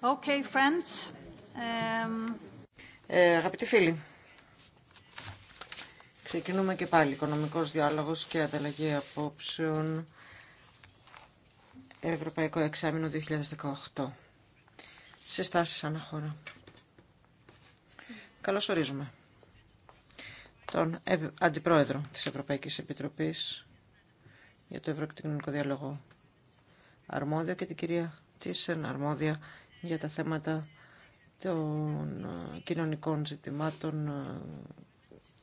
Okay, friends. Um... Ε, αγαπητοί φίλοι, ξεκινούμε και πάλι οικονομικός διάλογος και ανταλλαγή απόψεων Ευρωπαϊκό Εξάμεινο 2018 Σε στάσει αναχώρα. Καλώς ορίζουμε τον Αντιπρόεδρο της Ευρωπαϊκής Επιτροπής για το Οικονομικό Διάλογο Αρμόδιο και την κυρία Τίσεν Αρμόδια για τα θέματα των ε, κοινωνικών ζητημάτων,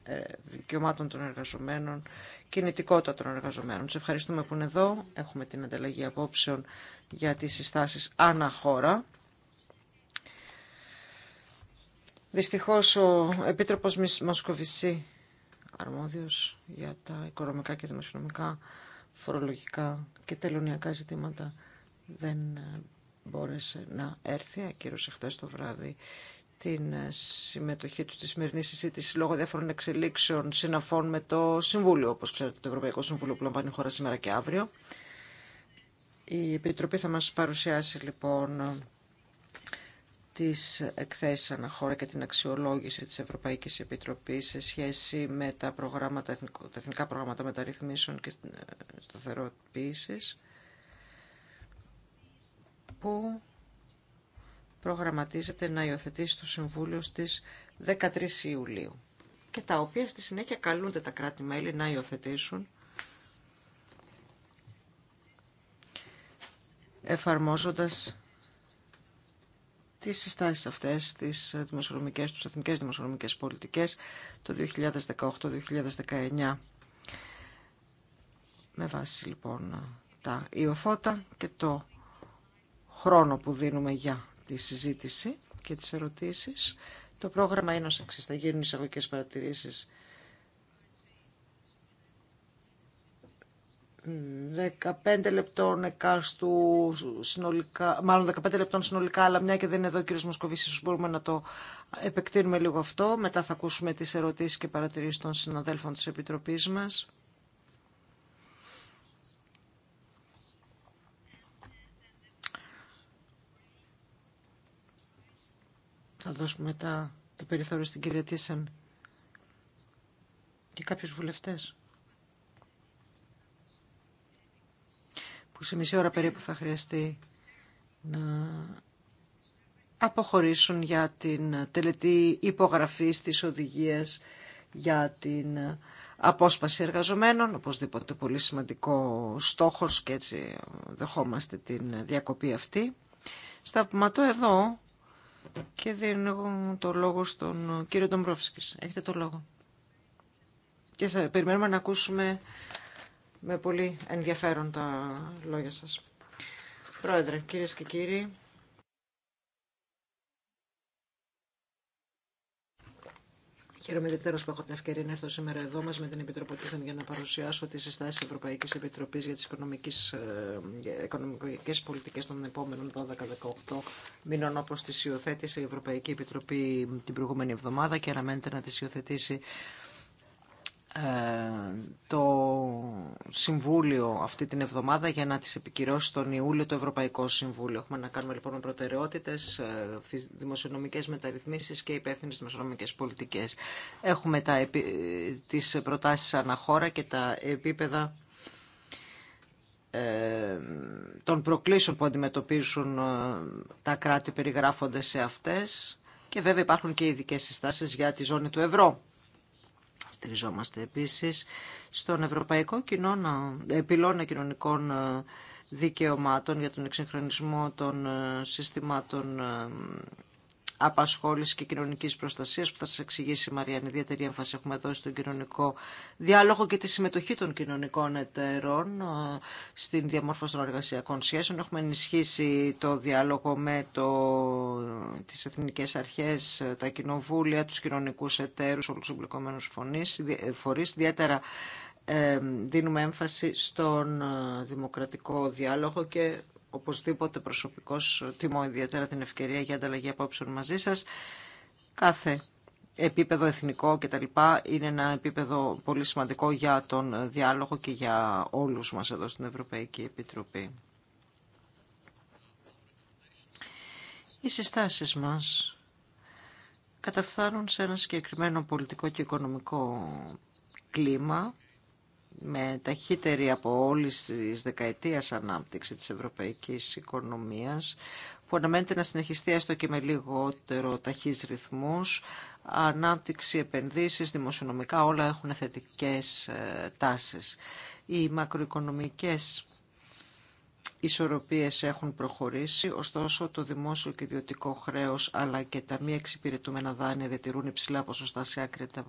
ε, ε, δικαιωμάτων των εργαζομένων, κινητικότητα των εργαζομένων. Σε ευχαριστούμε που είναι εδώ. Έχουμε την ανταλλαγή απόψεων για τις συστάσεις αναχώρα. Δυστυχώς ο Επίτροπος Μασκοβισσή αρμόδιος για τα οικονομικά και δημοσιονομικά, φορολογικά και τελωνιακά ζητήματα, δεν μπόρεσε να έρθει, ακύρωσε χθε το βράδυ την ε, συμμετοχή του στη σημερινή συζήτηση λόγω διάφορων εξελίξεων συναφών με το Συμβούλιο, όπως ξέρετε το Ευρωπαϊκό Συμβούλιο που λαμβάνει η χώρα σήμερα και αύριο. Η Επιτροπή θα μας παρουσιάσει λοιπόν τις εκθέσεις αναχώρα και την αξιολόγηση της Ευρωπαϊκής Επιτροπής σε σχέση με τα, προγράμματα, εθνικά προγράμματα μεταρρυθμίσεων και ε, σταθεροποίησης που προγραμματίζεται να υιοθετήσει το Συμβούλιο στις 13 Ιουλίου και τα οποία στη συνέχεια καλούνται τα κράτη-μέλη να υιοθετήσουν εφαρμόζοντας τις συστάσεις αυτές, στις δημοσιονομικές, τους εθνικές δημοσιονομικές πολιτικές το 2018-2019. Με βάση λοιπόν τα Ιωθώτα και το χρόνο που δίνουμε για τη συζήτηση και τις ερωτήσεις. Το πρόγραμμα είναι ως εξής. Θα γίνουν εισαγωγικές παρατηρήσεις 15 λεπτών εκάστου συνολικά, μάλλον 15 λεπτών συνολικά, αλλά μια και δεν είναι εδώ ο κ. Μοσκοβίση, μπορούμε να το επεκτείνουμε λίγο αυτό. Μετά θα ακούσουμε τις ερωτήσεις και παρατηρήσεις των συναδέλφων τη Επιτροπής μας. Θα δώσουμε μετά το περιθώριο στην κυρία Τίσεν και κάποιους βουλευτές. Που σε μισή ώρα περίπου θα χρειαστεί να αποχωρήσουν για την τελετή υπογραφής της οδηγίας για την απόσπαση εργαζομένων, οπωσδήποτε πολύ σημαντικό στόχος και έτσι δεχόμαστε την διακοπή αυτή. Στα Σταματώ εδώ και δίνω το λόγο στον κύριο Ντομπρόφσκης. Έχετε το λόγο. Και σε, περιμένουμε να ακούσουμε με πολύ ενδιαφέρον τα λόγια σας. Πρόεδρε, κυρίες και κύριοι, Χαίρομαι ιδιαίτερα που έχω την ευκαιρία να έρθω σήμερα εδώ μα με την Επιτροπή για να παρουσιάσω τι συστάσει τη Ευρωπαϊκή Επιτροπή για τι ε, οικονομικέ πολιτικέ των επόμενων 12-18 μήνων, όπω τι υιοθέτησε η Ευρωπαϊκή Επιτροπή την προηγούμενη εβδομάδα και αναμένεται να τι υιοθετήσει ε, το Συμβούλιο αυτή την εβδομάδα για να τις επικυρώσει τον Ιούλιο το Ευρωπαϊκό Συμβούλιο. Έχουμε να κάνουμε λοιπόν με προτεραιότητες, ε, δημοσιονομικές μεταρρυθμίσεις και υπεύθυνε δημοσιονομικές πολιτικές. Έχουμε τα, τις προτάσεις αναχώρα και τα επίπεδα ε, των προκλήσεων που αντιμετωπίζουν τα κράτη περιγράφονται σε αυτές και βέβαια υπάρχουν και ειδικέ συστάσεις για τη ζώνη του ευρώ Στηριζόμαστε επίσης στον Ευρωπαϊκό κοινώνα, Επιλώνα Κοινωνικών ε, Δικαιωμάτων για τον εξυγχρονισμό των ε, συστημάτων ε, απασχόληση και κοινωνική προστασία, που θα σα εξηγήσει η Μαριάννη. Ιδιαίτερη έμφαση έχουμε δώσει στον κοινωνικό διάλογο και τη συμμετοχή των κοινωνικών εταιρών ε, στην διαμόρφωση των εργασιακών σχέσεων. Έχουμε ενισχύσει το διάλογο με το, τις εθνικές αρχές, ε, τα κοινοβούλια, τους κοινωνικούς εταίρους, όλους του εμπλεκόμενου ε, φορεί, ιδιαίτερα δίνουμε έμφαση στον δημοκρατικό διάλογο και οπωσδήποτε προσωπικός τιμώ ιδιαίτερα την ευκαιρία για ανταλλαγή απόψεων μαζί σας. Κάθε επίπεδο εθνικό κτλ. είναι ένα επίπεδο πολύ σημαντικό για τον διάλογο και για όλους μας εδώ στην Ευρωπαϊκή Επιτροπή. Οι συστάσεις μας καταφθάνουν σε ένα συγκεκριμένο πολιτικό και οικονομικό κλίμα με ταχύτερη από όλη τη δεκαετία ανάπτυξη της ευρωπαϊκής οικονομίας που αναμένεται να συνεχιστεί έστω και με λιγότερο ταχύς ρυθμούς. Ανάπτυξη, επενδύσεις, δημοσιονομικά όλα έχουν θετικές ε, τάσεις. Οι μακροοικονομικές ισορροπίες έχουν προχωρήσει, ωστόσο το δημόσιο και ιδιωτικό χρέος αλλά και τα μη εξυπηρετούμενα δάνεια διατηρούν υψηλά ποσοστά σε άκρητα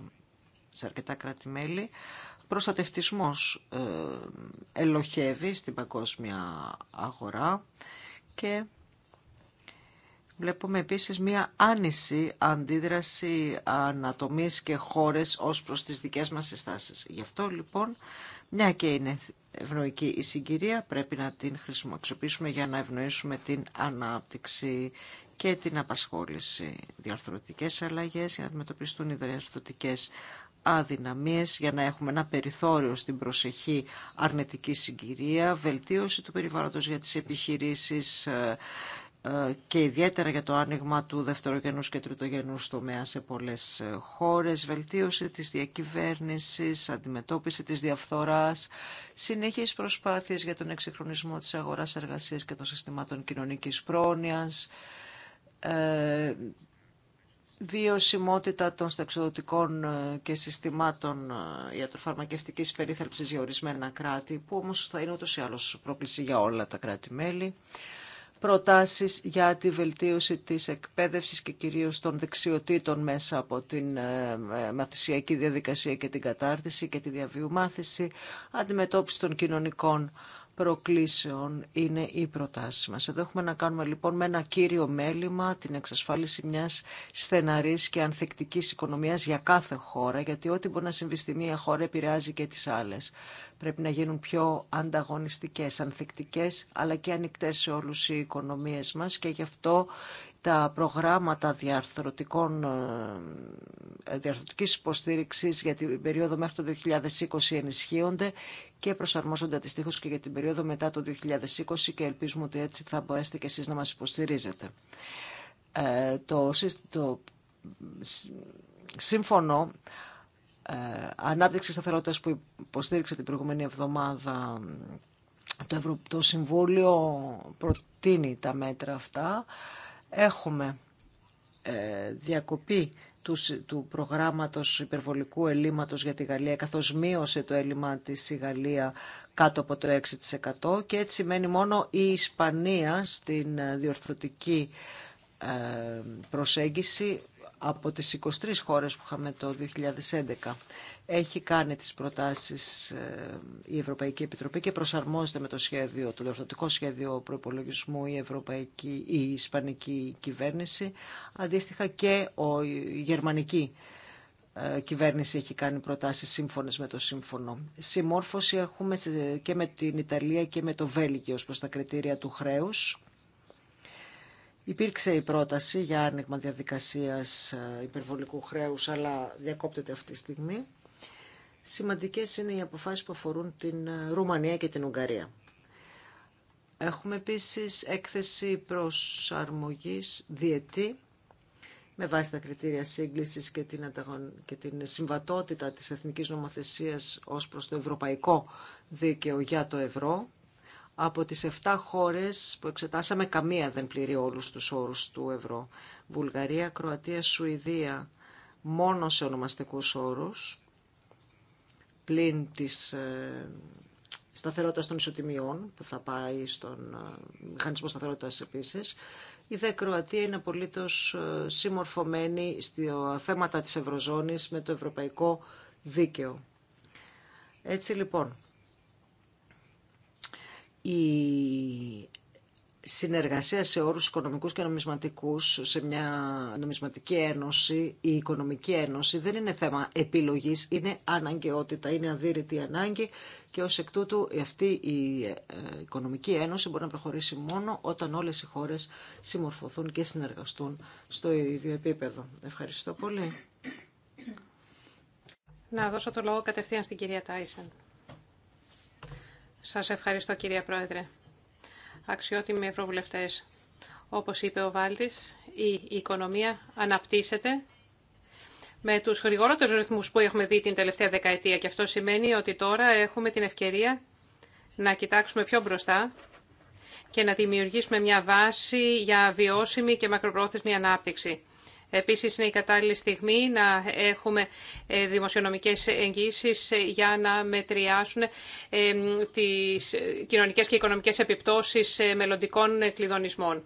σε αρκετά κράτη-μέλη, προστατευτισμός ε, ελοχεύει στην παγκόσμια αγορά και βλέπουμε επίσης μία άνηση αντίδραση ανατομής και χώρες ως προς τις δικές μας συστάσεις. Γι' αυτό λοιπόν, μια και είναι ευνοϊκή η συγκυρία, πρέπει να την χρησιμοποιήσουμε για να ευνοήσουμε την ανάπτυξη και την απασχόληση. Διαρθρωτικές αλλαγές για να αντιμετωπιστούν οι διαρθρωτικές αδυναμίες για να έχουμε ένα περιθώριο στην προσεχή αρνητική συγκυρία, βελτίωση του περιβάλλοντος για τις επιχειρήσεις ε, ε, και ιδιαίτερα για το άνοιγμα του δευτερογενούς και τριτογενούς τομέα σε πολλές ε, χώρες, βελτίωση της διακυβέρνησης, αντιμετώπιση της διαφθοράς, συνεχείς προσπάθειες για τον εξυγχρονισμό της αγοράς εργασίας και των συστημάτων κοινωνικής πρόνοιας, βιωσιμότητα των σταξιδοτικών ε, και συστημάτων ε, ιατροφαρμακευτικής περίθαλψης για ορισμένα κράτη, που όμως θα είναι ούτως ή άλλως πρόκληση για όλα τα κράτη-μέλη. Προτάσεις για τη βελτίωση της εκπαίδευσης και κυρίως των δεξιοτήτων μέσα από την ε, μαθησιακή διαδικασία και την κατάρτιση και τη διαβίου μάθηση, αντιμετώπιση των κοινωνικών προκλήσεων είναι η προτάση μας. Εδώ έχουμε να κάνουμε λοιπόν με ένα κύριο μέλημα την εξασφάλιση μιας στεναρής και ανθεκτικής οικονομίας για κάθε χώρα, γιατί ό,τι μπορεί να συμβεί στη μία χώρα επηρεάζει και τις άλλες. Πρέπει να γίνουν πιο ανταγωνιστικές, ανθεκτικές, αλλά και ανοιχτές σε όλους οι οικονομίες μας και γι' αυτό τα προγράμματα διαρθρωτικών, ε, διαρθρωτικής υποστήριξης για την περίοδο μέχρι το 2020 ενισχύονται και προσαρμόζονται αντιστοίχω και για την περίοδο μετά το 2020 και ελπίζουμε ότι έτσι θα μπορέσετε και εσείς να μας υποστηρίζετε. Ε, το, το σύμφωνο ε, ανάπτυξη σταθερότητας που υποστήριξε την προηγούμενη εβδομάδα το, Ευρω... το Συμβούλιο προτείνει τα μέτρα αυτά έχουμε ε, διακοπή του, προγράμματος υπερβολικού ελλείμματος για τη Γαλλία, καθώς μείωσε το έλλειμμα της η Γαλλία κάτω από το 6% και έτσι μένει μόνο η Ισπανία στην ε, διορθωτική ε, προσέγγιση από τις 23 χώρες που είχαμε το 2011. Έχει κάνει τις προτάσεις ε, η Ευρωπαϊκή Επιτροπή και προσαρμόζεται με το σχέδιο, το διορθωτικό σχέδιο προϋπολογισμού η, Ευρωπαϊκή, η Ισπανική κυβέρνηση. Αντίστοιχα και ο, η Γερμανική ε, κυβέρνηση έχει κάνει προτάσεις σύμφωνες με το σύμφωνο. Συμμόρφωση έχουμε και με την Ιταλία και με το Βέλγιο προς τα κριτήρια του χρέους Υπήρξε η πρόταση για άνοιγμα διαδικασίας ε, υπερβολικού χρέους, αλλά διακόπτεται αυτή τη στιγμή. Σημαντικές είναι οι αποφάσεις που αφορούν την ε, Ρουμανία και την Ουγγαρία. Έχουμε επίσης έκθεση προσαρμογής διετή με βάση τα κριτήρια σύγκλησης και την, ανταγων... και την συμβατότητα της εθνικής νομοθεσίας ως προς το ευρωπαϊκό δίκαιο για το ευρώ. Από τις 7 χώρες που εξετάσαμε, καμία δεν πληρεί όλους τους όρους του ευρώ. Βουλγαρία, Κροατία, Σουηδία, μόνο σε ονομαστικούς όρους, πλην της ε, σταθερότητας των ισοτιμιών, που θα πάει στον ε, μηχανισμό σταθερότητας επίσης. Η δε Κροατία είναι απολύτως ε, συμμορφωμένη στο θέματα της Ευρωζώνης με το ευρωπαϊκό δίκαιο. Έτσι λοιπόν, η συνεργασία σε όρους οικονομικούς και νομισματικούς σε μια νομισματική ένωση, η οικονομική ένωση δεν είναι θέμα επιλογής, είναι αναγκαιότητα, είναι αδύρυτη ανάγκη και ως εκ τούτου αυτή η ε, οικονομική ένωση μπορεί να προχωρήσει μόνο όταν όλες οι χώρες συμμορφωθούν και συνεργαστούν στο ίδιο επίπεδο. Ευχαριστώ πολύ. Να δώσω το λόγο κατευθείαν στην κυρία Τάισεν. Σας ευχαριστώ κυρία Πρόεδρε. Αξιότιμοι ευρωβουλευτές, όπως είπε ο Βάλτης, η οικονομία αναπτύσσεται με τους γρηγορότερους ρυθμούς που έχουμε δει την τελευταία δεκαετία και αυτό σημαίνει ότι τώρα έχουμε την ευκαιρία να κοιτάξουμε πιο μπροστά και να δημιουργήσουμε μια βάση για βιώσιμη και μακροπρόθεσμη ανάπτυξη. Επίσης είναι η κατάλληλη στιγμή να έχουμε ε, δημοσιονομικές εγγύσεις για να μετριάσουν ε, τις κοινωνικές και οικονομικές επιπτώσεις ε, μελλοντικών κλειδονισμών.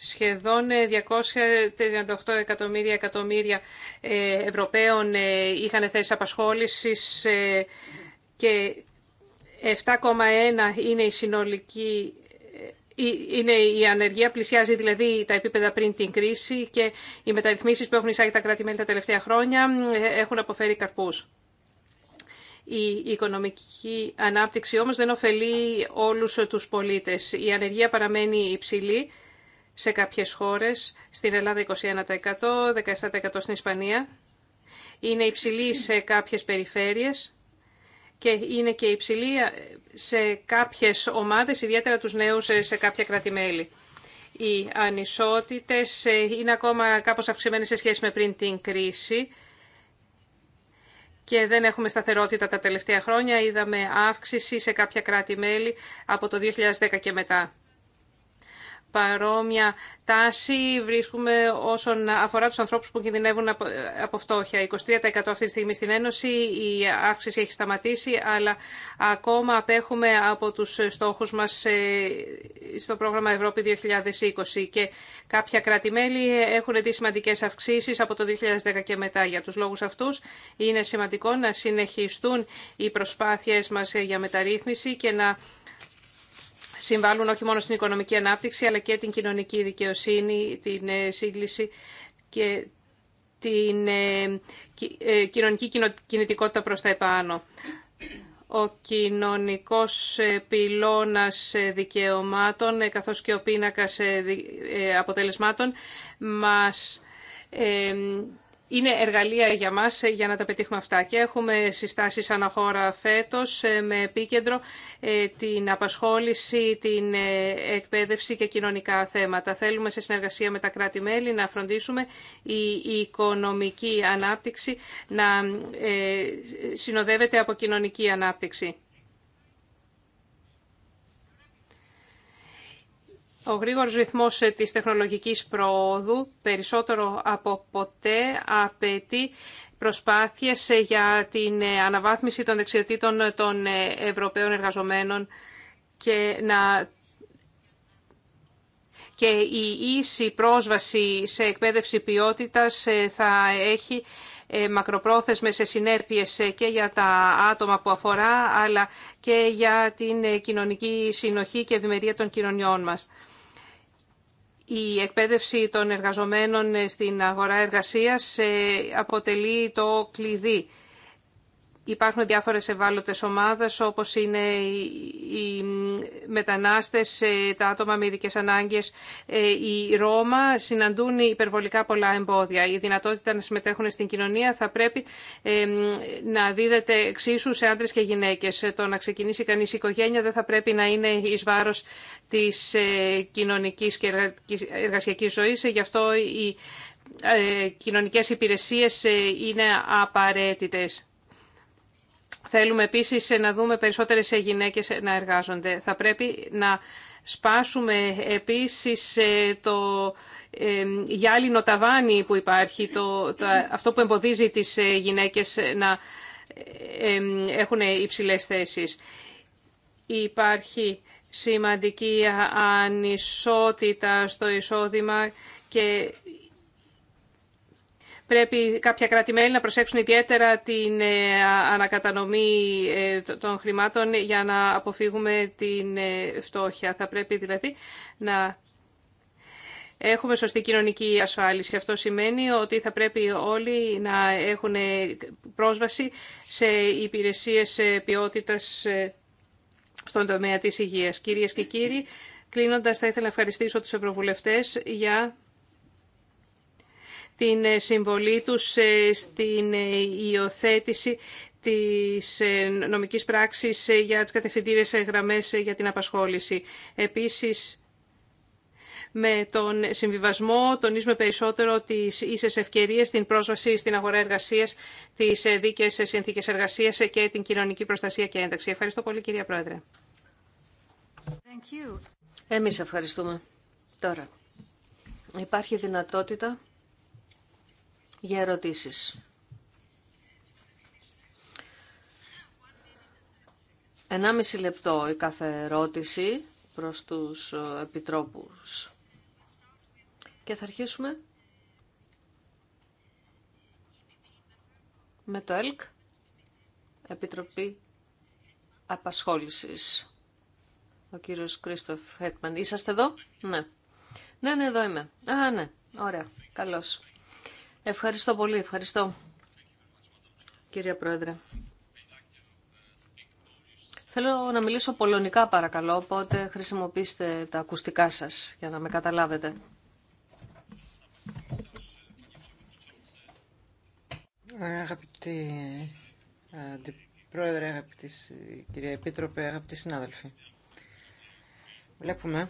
Σχεδόν 238 εκατομμύρια εκατομμύρια Ευρωπαίων είχαν θέσει απασχόλησης και 7,1 είναι η συνολική είναι η ανεργία, πλησιάζει δηλαδή τα επίπεδα πριν την κρίση και οι μεταρρυθμίσει που έχουν εισάγει τα κράτη-μέλη τα τελευταία χρόνια ε, έχουν αποφέρει καρπούς. Η οικονομική ανάπτυξη όμως δεν ωφελεί όλους τους πολίτες. Η ανεργία παραμένει υψηλή σε κάποιες χώρες, στην Ελλάδα 21%, 17% στην Ισπανία. Είναι υψηλή σε κάποιες περιφέρειες και είναι και υψηλή σε κάποιες ομάδες, ιδιαίτερα τους νέους σε κάποια κράτη-μέλη. Οι ανισότητες ε, είναι ακόμα κάπως αυξημένες σε σχέση με πριν την κρίση και δεν έχουμε σταθερότητα τα τελευταία χρόνια. Είδαμε αύξηση σε κάποια κράτη-μέλη από το 2010 και μετά παρόμοια τάση βρίσκουμε όσον αφορά τους ανθρώπους που κινδυνεύουν από φτώχεια. 23% αυτή τη στιγμή στην Ένωση, η αύξηση έχει σταματήσει, αλλά ακόμα απέχουμε από τους στόχους μας ε, στο πρόγραμμα Ευρώπη 2020 και κάποια κράτη-μέλη έχουν δει σημαντικές αυξήσεις από το 2010 και μετά. Για τους λόγους αυτούς είναι σημαντικό να συνεχιστούν οι προσπάθειες μας για μεταρρύθμιση και να συμβάλλουν όχι μόνο στην οικονομική ανάπτυξη, αλλά και την κοινωνική δικαιοσύνη, την ε, σύγκληση και την ε, ε, κοινωνική κινητικότητα προς τα επάνω. Ο κοινωνικός πυλώνας δικαιωμάτων, καθώς και ο πίνακας αποτελεσμάτων, μας είναι εργαλεία για μας ε, για να τα πετύχουμε αυτά. Και έχουμε συστάσεις αναχώρα φέτος ε, με επίκεντρο ε, την απασχόληση, την εκπαίδευση και κοινωνικά θέματα. Θέλουμε σε συνεργασία με τα κράτη-μέλη να φροντίσουμε η οικονομική ανάπτυξη να συνοδεύεται από κοινωνική ανάπτυξη. Ο γρήγορος ρυθμός ε, της τεχνολογικής προόδου περισσότερο από ποτέ απαιτεί προσπάθειες ε, για την ε, αναβάθμιση των δεξιοτήτων των Ευρωπαίων εργαζομένων και να και η ίση πρόσβαση σε εκπαίδευση ποιότητας θα έχει μακροπρόθεσμες συνέπειες και για τα άτομα που αφορά, αλλά και για την κοινωνική συνοχή και ευημερία των κοινωνιών μας. Η εκπαίδευση των εργαζομένων στην αγορά εργασίας ε, αποτελεί το κλειδί Υπάρχουν διάφορες ευάλωτες ομάδες όπως είναι οι μετανάστες, ε, τα άτομα με ειδικέ ανάγκες, οι ε, Ρώμα συναντούν υπερβολικά πολλά εμπόδια. Η δυνατότητα να συμμετέχουν στην κοινωνία θα πρέπει ε, να δίδεται εξίσου σε άντρες και γυναίκες. Το να ξεκινήσει κανείς η οικογένεια δεν θα πρέπει να είναι εις βάρος της κοινωνικής και εργασιακής ζωής. Γι' αυτό οι κοινωνικές υπηρεσίες είναι απαραίτητες. Θέλουμε επίσης να δούμε περισσότερες γυναίκες να εργάζονται. Θα πρέπει να σπάσουμε επίσης ε, το ε, γυάλινο ταβάνι που υπάρχει, το, αυτό που εμποδίζει τις ε, γυναίκες να έχουν υψηλές θέσεις. Υπάρχει σημαντική ανισότητα στο εισόδημα και Πρέπει κάποια κράτη-μέλη να προσέξουν ιδιαίτερα την ε, ανακατανομή ε, των χρημάτων για να αποφύγουμε την ε, φτώχεια. Θα πρέπει δηλαδή να έχουμε σωστή κοινωνική ασφάλιση. Αυτό σημαίνει ότι θα πρέπει όλοι να έχουν πρόσβαση σε υπηρεσίες ποιότητας στον τομέα της υγείας. Κυρίες και κύριοι, κλείνοντας θα ήθελα να ευχαριστήσω τους Ευρωβουλευτές για την ε, συμβολή τους ε, στην ε, υιοθέτηση της νομικής πράξης για τις κατευθυντήρες γραμμές για την απασχόληση. Επίσης, με τον συμβιβασμό τονίζουμε περισσότερο τις ίσες ευκαιρίες στην πρόσβαση στην αγορά εργασίας, τις δίκαιες συνθήκες εργασίας και την κοινωνική προστασία και ένταξη. Ευχαριστώ πολύ κυρία Πρόεδρε. Thank Εμείς ευχαριστούμε. Τώρα, υπάρχει δυνατότητα για ερωτήσεις. 1,5 λεπτό η κάθε ερώτηση προς τους ε, επιτρόπους. Και θα αρχίσουμε με το ΕΛΚ, Επιτροπή Απασχόλησης. Ο κύριος Κρίστοφ Χέτμαν. Είσαστε εδώ? Ναι. Ναι, ναι, εδώ είμαι. Α, ναι. Ωραία. Καλώς. Ευχαριστώ πολύ. Ευχαριστώ, κυρία Πρόεδρε. Θέλω να μιλήσω πολωνικά παρακαλώ, οπότε χρησιμοποιήστε τα ακουστικά σας για να με καταλάβετε. Αγαπητοί ε, Αντιπρόεδρε, αγαπητοί ε, κυρία Επίτροπε, αγαπητοί συνάδελφοι. Βλέπουμε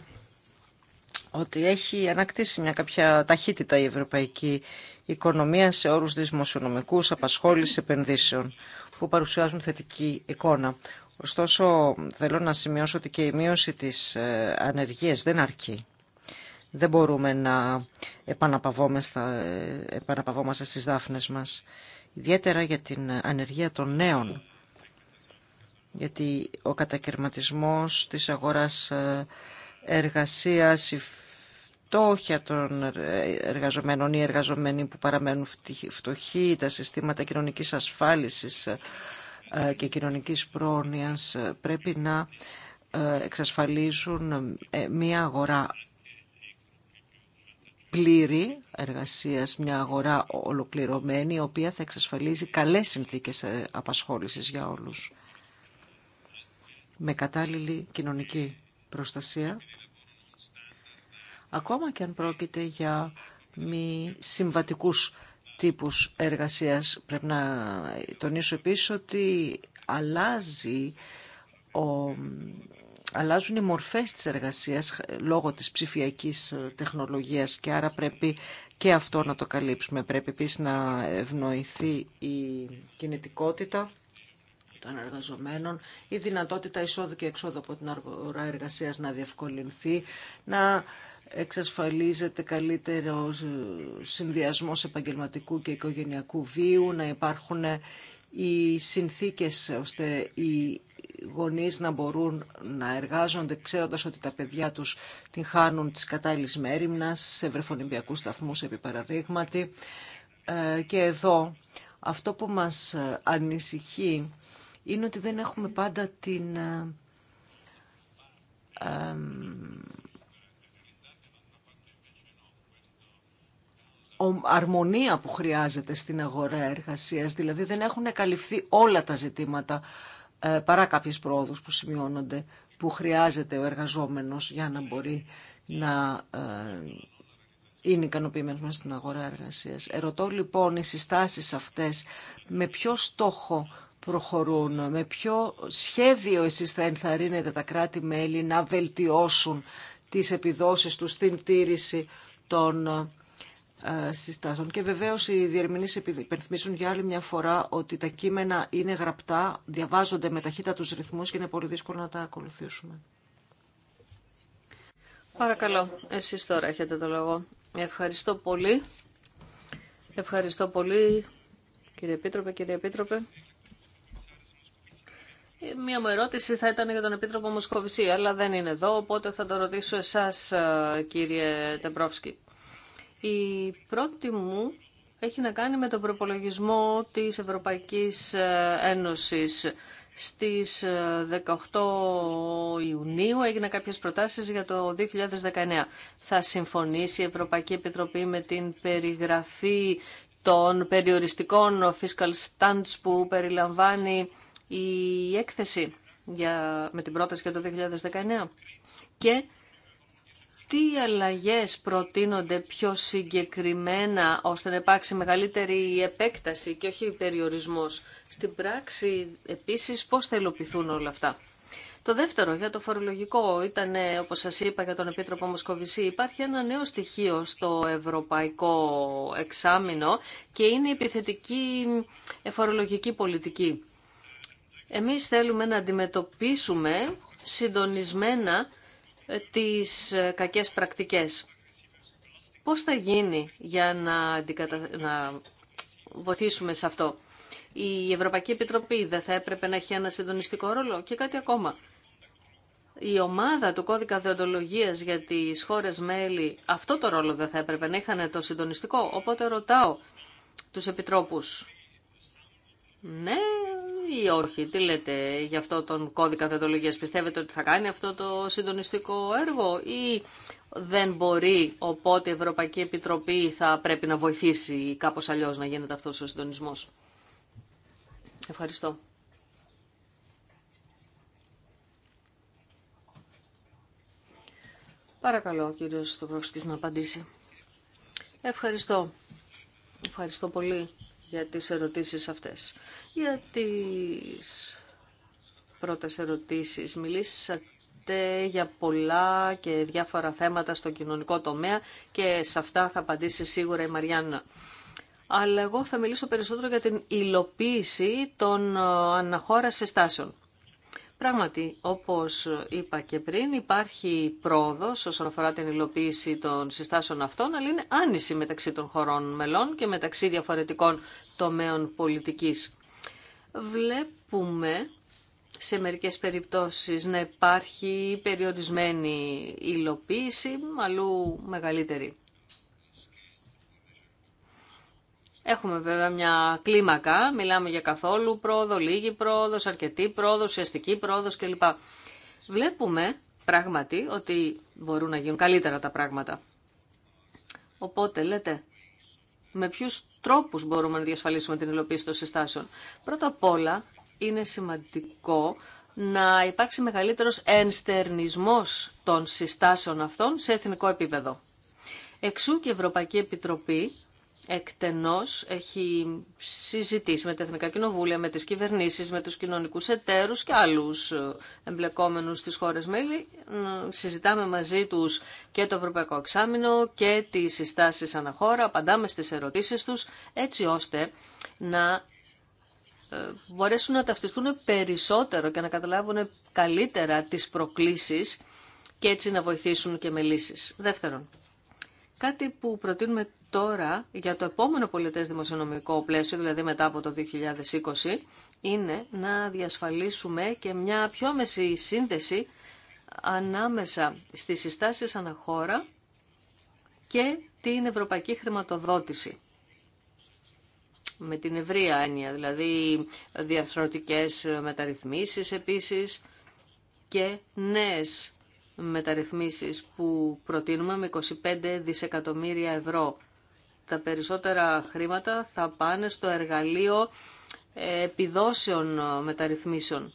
ότι έχει ανακτήσει μια κάποια ταχύτητα η ευρωπαϊκή οικονομία σε όρους δημοσιονομικούς, απασχόληση επενδύσεων που παρουσιάζουν θετική εικόνα. Ωστόσο, θέλω να σημειώσω ότι και η μείωση της ε, ανεργίας δεν αρκεί. Δεν μπορούμε να ε, επαναπαυόμαστε στις δάφνες μας, ιδιαίτερα για την ανεργία των νέων. Γιατί ο κατακαιρματισμός της αγοράς ε, εργασίας, φτώχεια των εργαζομένων ή εργαζομένων που παραμένουν φτωχοί, τα συστήματα κοινωνικής ασφάλισης ε, και κοινωνικής πρόνοιας ε, πρέπει να ε, εξασφαλίσουν μια αγορά πλήρη εργασίας, μια αγορά ολοκληρωμένη, η οποία θα εξασφαλίζει καλές συνθήκες απασχόλησης για όλους. Με κατάλληλη κοινωνική προστασία ακόμα και αν πρόκειται για μη συμβατικούς τύπους εργασίας. Πρέπει να τονίσω επίσης ότι αλλάζει αλλάζουν οι μορφές της εργασίας λόγω της ψηφιακής τεχνολογίας και άρα πρέπει και αυτό να το καλύψουμε. Πρέπει επίσης να ευνοηθεί η κινητικότητα των εργαζομένων, η δυνατότητα εισόδου και εξόδου από την αγορά εργασίας να διευκολυνθεί, να εξασφαλίζεται καλύτερο συνδυασμός επαγγελματικού και οικογενειακού βίου, να υπάρχουν οι συνθήκες ώστε οι γονείς να μπορούν να εργάζονται ξέροντας ότι τα παιδιά τους την χάνουν της κατάλληλης μέρημνας σε βρεφονιμπιακούς σταθμούς επί παραδείγματι. Ε, και εδώ αυτό που μας ανησυχεί είναι ότι δεν έχουμε πάντα την ε, ε, αρμονία που χρειάζεται στην αγορά εργασίας. Δηλαδή δεν έχουν καλυφθεί όλα τα ζητήματα ε, παρά κάποιες πρόοδους που σημειώνονται που χρειάζεται ο εργαζόμενος για να μπορεί να ε, είναι ικανοποιημένος μέσα στην αγορά εργασίας. Ερωτώ λοιπόν οι συστάσεις αυτές με ποιο στόχο προχωρούν, με ποιο σχέδιο εσείς θα ενθαρρύνετε τα κράτη-μέλη να βελτιώσουν τις επιδόσεις τους στην τήρηση των ε, ε, συστάσεων. Και βεβαίω οι διερμηνεί υπενθυμίζουν για άλλη μια φορά ότι τα κείμενα είναι γραπτά, διαβάζονται με ταχύτητα του ρυθμού και είναι πολύ δύσκολο να τα ακολουθήσουμε. Παρακαλώ, εσείς τώρα έχετε το λόγο. Ευχαριστώ πολύ. Ευχαριστώ πολύ, κύριε Επίτροπε, κύριε Επίτροπε. Ε, μία μου ερώτηση θα ήταν για τον Επίτροπο Μοσκοβισή, αλλά δεν είναι εδώ, οπότε θα το ρωτήσω εσάς, ε, κύριε Τεμπρόφσκι. Η πρώτη μου έχει να κάνει με τον προπολογισμό της Ευρωπαϊκής ε, Ένωσης. Στις 18 ε, Ιουνίου έγιναν κάποιες προτάσεις για το 2019. Θα συμφωνήσει η Ευρωπαϊκή Επιτροπή με την περιγραφή των περιοριστικών fiscal stands που περιλαμβάνει η έκθεση για, με την πρόταση για το 2019. Και τι αλλαγές προτείνονται πιο συγκεκριμένα ώστε να υπάρξει μεγαλύτερη επέκταση και όχι περιορισμός. Στην πράξη επίσης πώς θα υλοποιηθούν όλα αυτά. Το δεύτερο για το φορολογικό ήταν, όπως σας είπα για τον Επίτροπο Μοσκοβισή, υπάρχει ένα νέο στοιχείο στο ευρωπαϊκό εξάμεινο και είναι η επιθετική ε, φορολογική πολιτική. Εμείς θέλουμε να αντιμετωπίσουμε συντονισμένα τις ε, κακές πρακτικές. Πώς θα γίνει για να, να βοηθήσουμε σε αυτό. Η Ευρωπαϊκή Επιτροπή δεν θα έπρεπε να έχει ένα συντονιστικό ρόλο και κάτι ακόμα. Η ομάδα του κώδικα δεοντολογίας για τις χώρες μέλη αυτό το ρόλο δεν θα έπρεπε να είχαν το συντονιστικό. Οπότε ρωτάω τους επιτρόπους. Ναι, ή όχι. Τι λέτε για αυτό τον κώδικα θετολογίας. Πιστεύετε ότι θα κάνει αυτό το συντονιστικό έργο ή δεν μπορεί, οπότε η Ευρωπαϊκή Επιτροπή θα πρέπει να βοηθήσει κάπως αλλιώς να γίνεται αυτός ο συντονισμός. Ευχαριστώ. Παρακαλώ ο κύριος Στοβροφσκής να απαντήσει. Ευχαριστώ. Ευχαριστώ πολύ για τις ερωτήσεις αυτές. Για τις πρώτες ερωτήσεις μιλήσατε για πολλά και διάφορα θέματα στο κοινωνικό τομέα και σε αυτά θα απαντήσει σίγουρα η Μαριάννα. Αλλά εγώ θα μιλήσω περισσότερο για την υλοποίηση των ε, αναχώρα συστάσεων. Πράγματι, όπως είπα και πριν, υπάρχει πρόοδος όσον αφορά την υλοποίηση των συστάσεων αυτών, αλλά είναι άνηση μεταξύ των χωρών μελών και μεταξύ διαφορετικών τομέων πολιτικής. Βλέπουμε σε μερικές περιπτώσεις να υπάρχει περιορισμένη υλοποίηση, αλλού μεγαλύτερη. Έχουμε βέβαια μια κλίμακα, μιλάμε για καθόλου πρόοδο, λίγη πρόοδο, αρκετή πρόοδο, ουσιαστική πρόοδο κλπ. Βλέπουμε πράγματι ότι μπορούν να γίνουν καλύτερα τα πράγματα. Οπότε λέτε, με ποιους τρόπους μπορούμε να διασφαλίσουμε την υλοποίηση των συστάσεων. Πρώτα απ' όλα είναι σημαντικό να υπάρξει μεγαλύτερος ενστερνισμός των συστάσεων αυτών σε εθνικό επίπεδο. Εξού και η Ευρωπαϊκή Επιτροπή εκτενώς έχει συζητήσει με τα Εθνικά Κοινοβούλια, με τις κυβερνήσεις, με τους κοινωνικούς εταίρους και άλλους ε, εμπλεκόμενους στις χώρες μέλη. Συζητάμε μαζί τους και το Ευρωπαϊκό Εξάμεινο και τις συστάσεις αναχώρα, απαντάμε στις ερωτήσεις τους έτσι ώστε να ε, μπορέσουν να ταυτιστούν περισσότερο και να καταλάβουν καλύτερα τις προκλήσεις και έτσι να βοηθήσουν και με λύσεις. Δεύτερον, κάτι που προτείνουμε τώρα για το επόμενο πολιτές δημοσιονομικό πλαίσιο, δηλαδή μετά από το 2020, είναι να διασφαλίσουμε και μια πιο άμεση σύνδεση ανάμεσα στις συστάσεις αναχώρα και την ευρωπαϊκή χρηματοδότηση. Με την ευρεία έννοια, δηλαδή διαρθρωτικές μεταρρυθμίσεις επίσης και νέες μεταρρυθμίσεις που προτείνουμε με 25 δισεκατομμύρια ευρώ τα περισσότερα χρήματα θα πάνε στο εργαλείο επιδόσεων μεταρρυθμίσεων.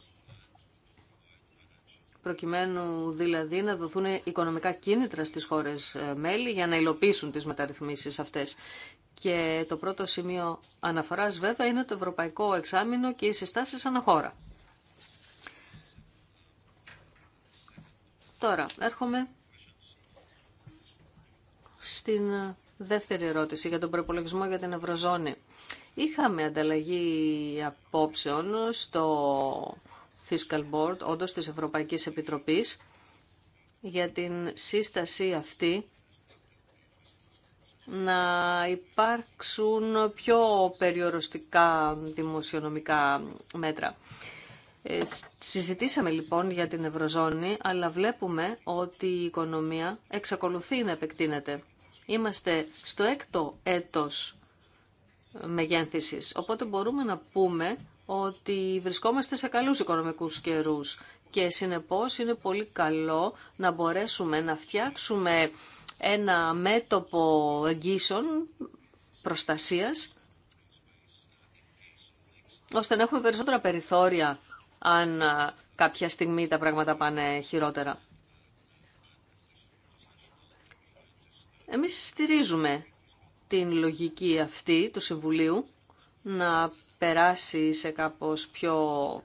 Προκειμένου δηλαδή να δοθούν οικονομικά κίνητρα στις χώρες ε, μέλη για να υλοποιήσουν τις μεταρρυθμίσεις αυτές. Και το πρώτο σημείο αναφοράς βέβαια είναι το Ευρωπαϊκό Εξάμεινο και οι συστάσεις αναχώρα. Τώρα έρχομαι στην Δεύτερη ερώτηση για τον προπολογισμό για την Ευρωζώνη. Είχαμε ανταλλαγή απόψεων στο Fiscal Board, όντως της Ευρωπαϊκής Επιτροπής, για την σύσταση αυτή να υπάρξουν πιο περιοριστικά δημοσιονομικά μέτρα. Ε, συζητήσαμε λοιπόν για την Ευρωζώνη, αλλά βλέπουμε ότι η οικονομία εξακολουθεί να επεκτείνεται. Είμαστε στο έκτο έτος μεγένθησης, οπότε μπορούμε να πούμε ότι βρισκόμαστε σε καλούς οικονομικούς καιρούς και συνεπώς είναι πολύ καλό να μπορέσουμε να φτιάξουμε ένα μέτωπο εγγύσεων προστασίας ώστε να έχουμε περισσότερα περιθώρια αν κάποια στιγμή τα πράγματα πάνε χειρότερα. Εμείς στηρίζουμε την λογική αυτή του Συμβουλίου να περάσει σε κάπως πιο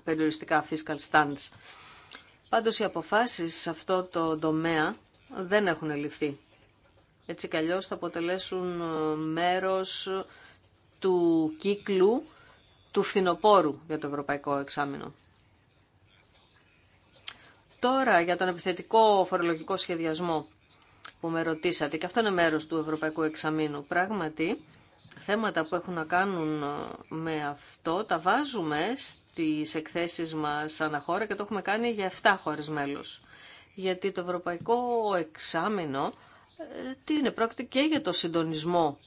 περιοριστικά fiscal stance. Πάντως οι αποφάσεις σε αυτό το τομέα δεν έχουν ληφθεί. Έτσι κι αλλιώς θα αποτελέσουν ε, μέρος του κύκλου του φθινοπόρου για το ευρωπαϊκό εξάμεινο. Τώρα για τον επιθετικό φορολογικό σχεδιασμό που με ρωτήσατε και αυτό είναι μέρος του Ευρωπαϊκού Εξαμήνου. Πράγματι, θέματα που έχουν να κάνουν ε, με αυτό τα βάζουμε στις εκθέσεις μας αναχώρα και το έχουμε κάνει για 7 χώρες μέλους. Γιατί το Ευρωπαϊκό Εξάμεινο ε, τι είναι, πρόκειται και για το συντονισμό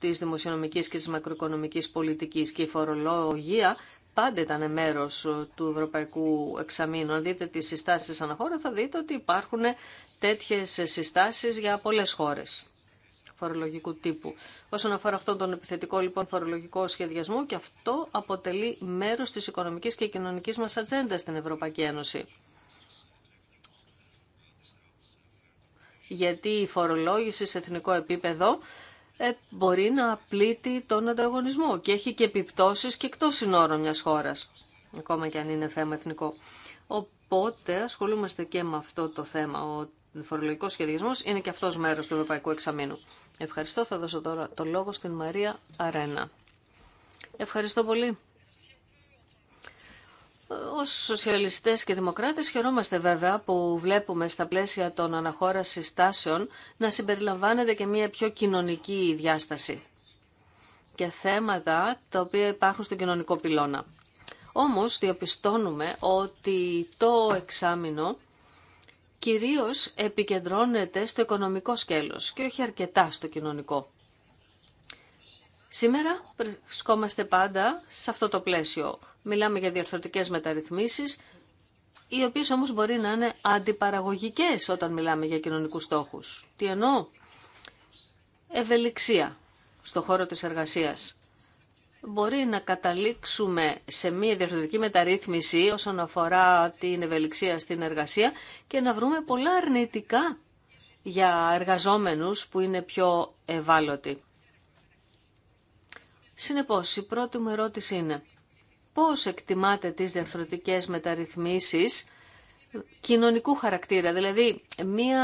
της δημοσιονομικής και της μακροοικονομικής πολιτικής και η φορολογία πάντα ήταν μέρος ε, του Ευρωπαϊκού Εξαμήνου. Αν δείτε τις συστάσεις αναχώρα θα δείτε ότι υπάρχουν τέτοιες συστάσεις για πολλές χώρες φορολογικού τύπου. Όσον αφορά αυτόν τον επιθετικό λοιπόν φορολογικό σχεδιασμό και αυτό αποτελεί μέρος της οικονομικής και κοινωνικής μας ατζέντα στην Ευρωπαϊκή Ένωση. Γιατί η φορολόγηση σε εθνικό επίπεδο ε, μπορεί να πλήττει τον ανταγωνισμό και έχει και επιπτώσεις και εκτός συνόρων μιας χώρας, ακόμα και αν είναι θέμα εθνικό. Οπότε ασχολούμαστε και με αυτό το θέμα, φορολογικό σχεδιασμός είναι και αυτός μέρος του Ευρωπαϊκού Εξαμήνου. Ευχαριστώ. Θα δώσω τώρα το λόγο στην Μαρία Αρένα. Ευχαριστώ πολύ. Ω σοσιαλιστές και δημοκράτες χαιρόμαστε βέβαια που βλέπουμε στα πλαίσια των αναχώρασης τάσεων να συμπεριλαμβάνεται και μια πιο κοινωνική διάσταση και θέματα τα οποία υπάρχουν στον κοινωνικό πυλώνα. Όμως διαπιστώνουμε ότι το εξάμεινο κυρίως επικεντρώνεται στο οικονομικό σκέλος και όχι αρκετά στο κοινωνικό. Σήμερα βρισκόμαστε πάντα σε αυτό το πλαίσιο. Μιλάμε για διαρθρωτικές μεταρρυθμίσεις, οι οποίες όμως μπορεί να είναι αντιπαραγωγικές όταν μιλάμε για κοινωνικούς στόχους. Τι εννοώ? Ευελιξία στο χώρο της εργασίας μπορεί να καταλήξουμε σε μια διαφορετική μεταρρύθμιση όσον αφορά την ευελιξία στην εργασία και να βρούμε πολλά αρνητικά για εργαζόμενους που είναι πιο ευάλωτοι. Συνεπώς, η πρώτη μου ερώτηση είναι πώς εκτιμάτε τις διαφορετικές μεταρρυθμίσεις κοινωνικού χαρακτήρα, δηλαδή μία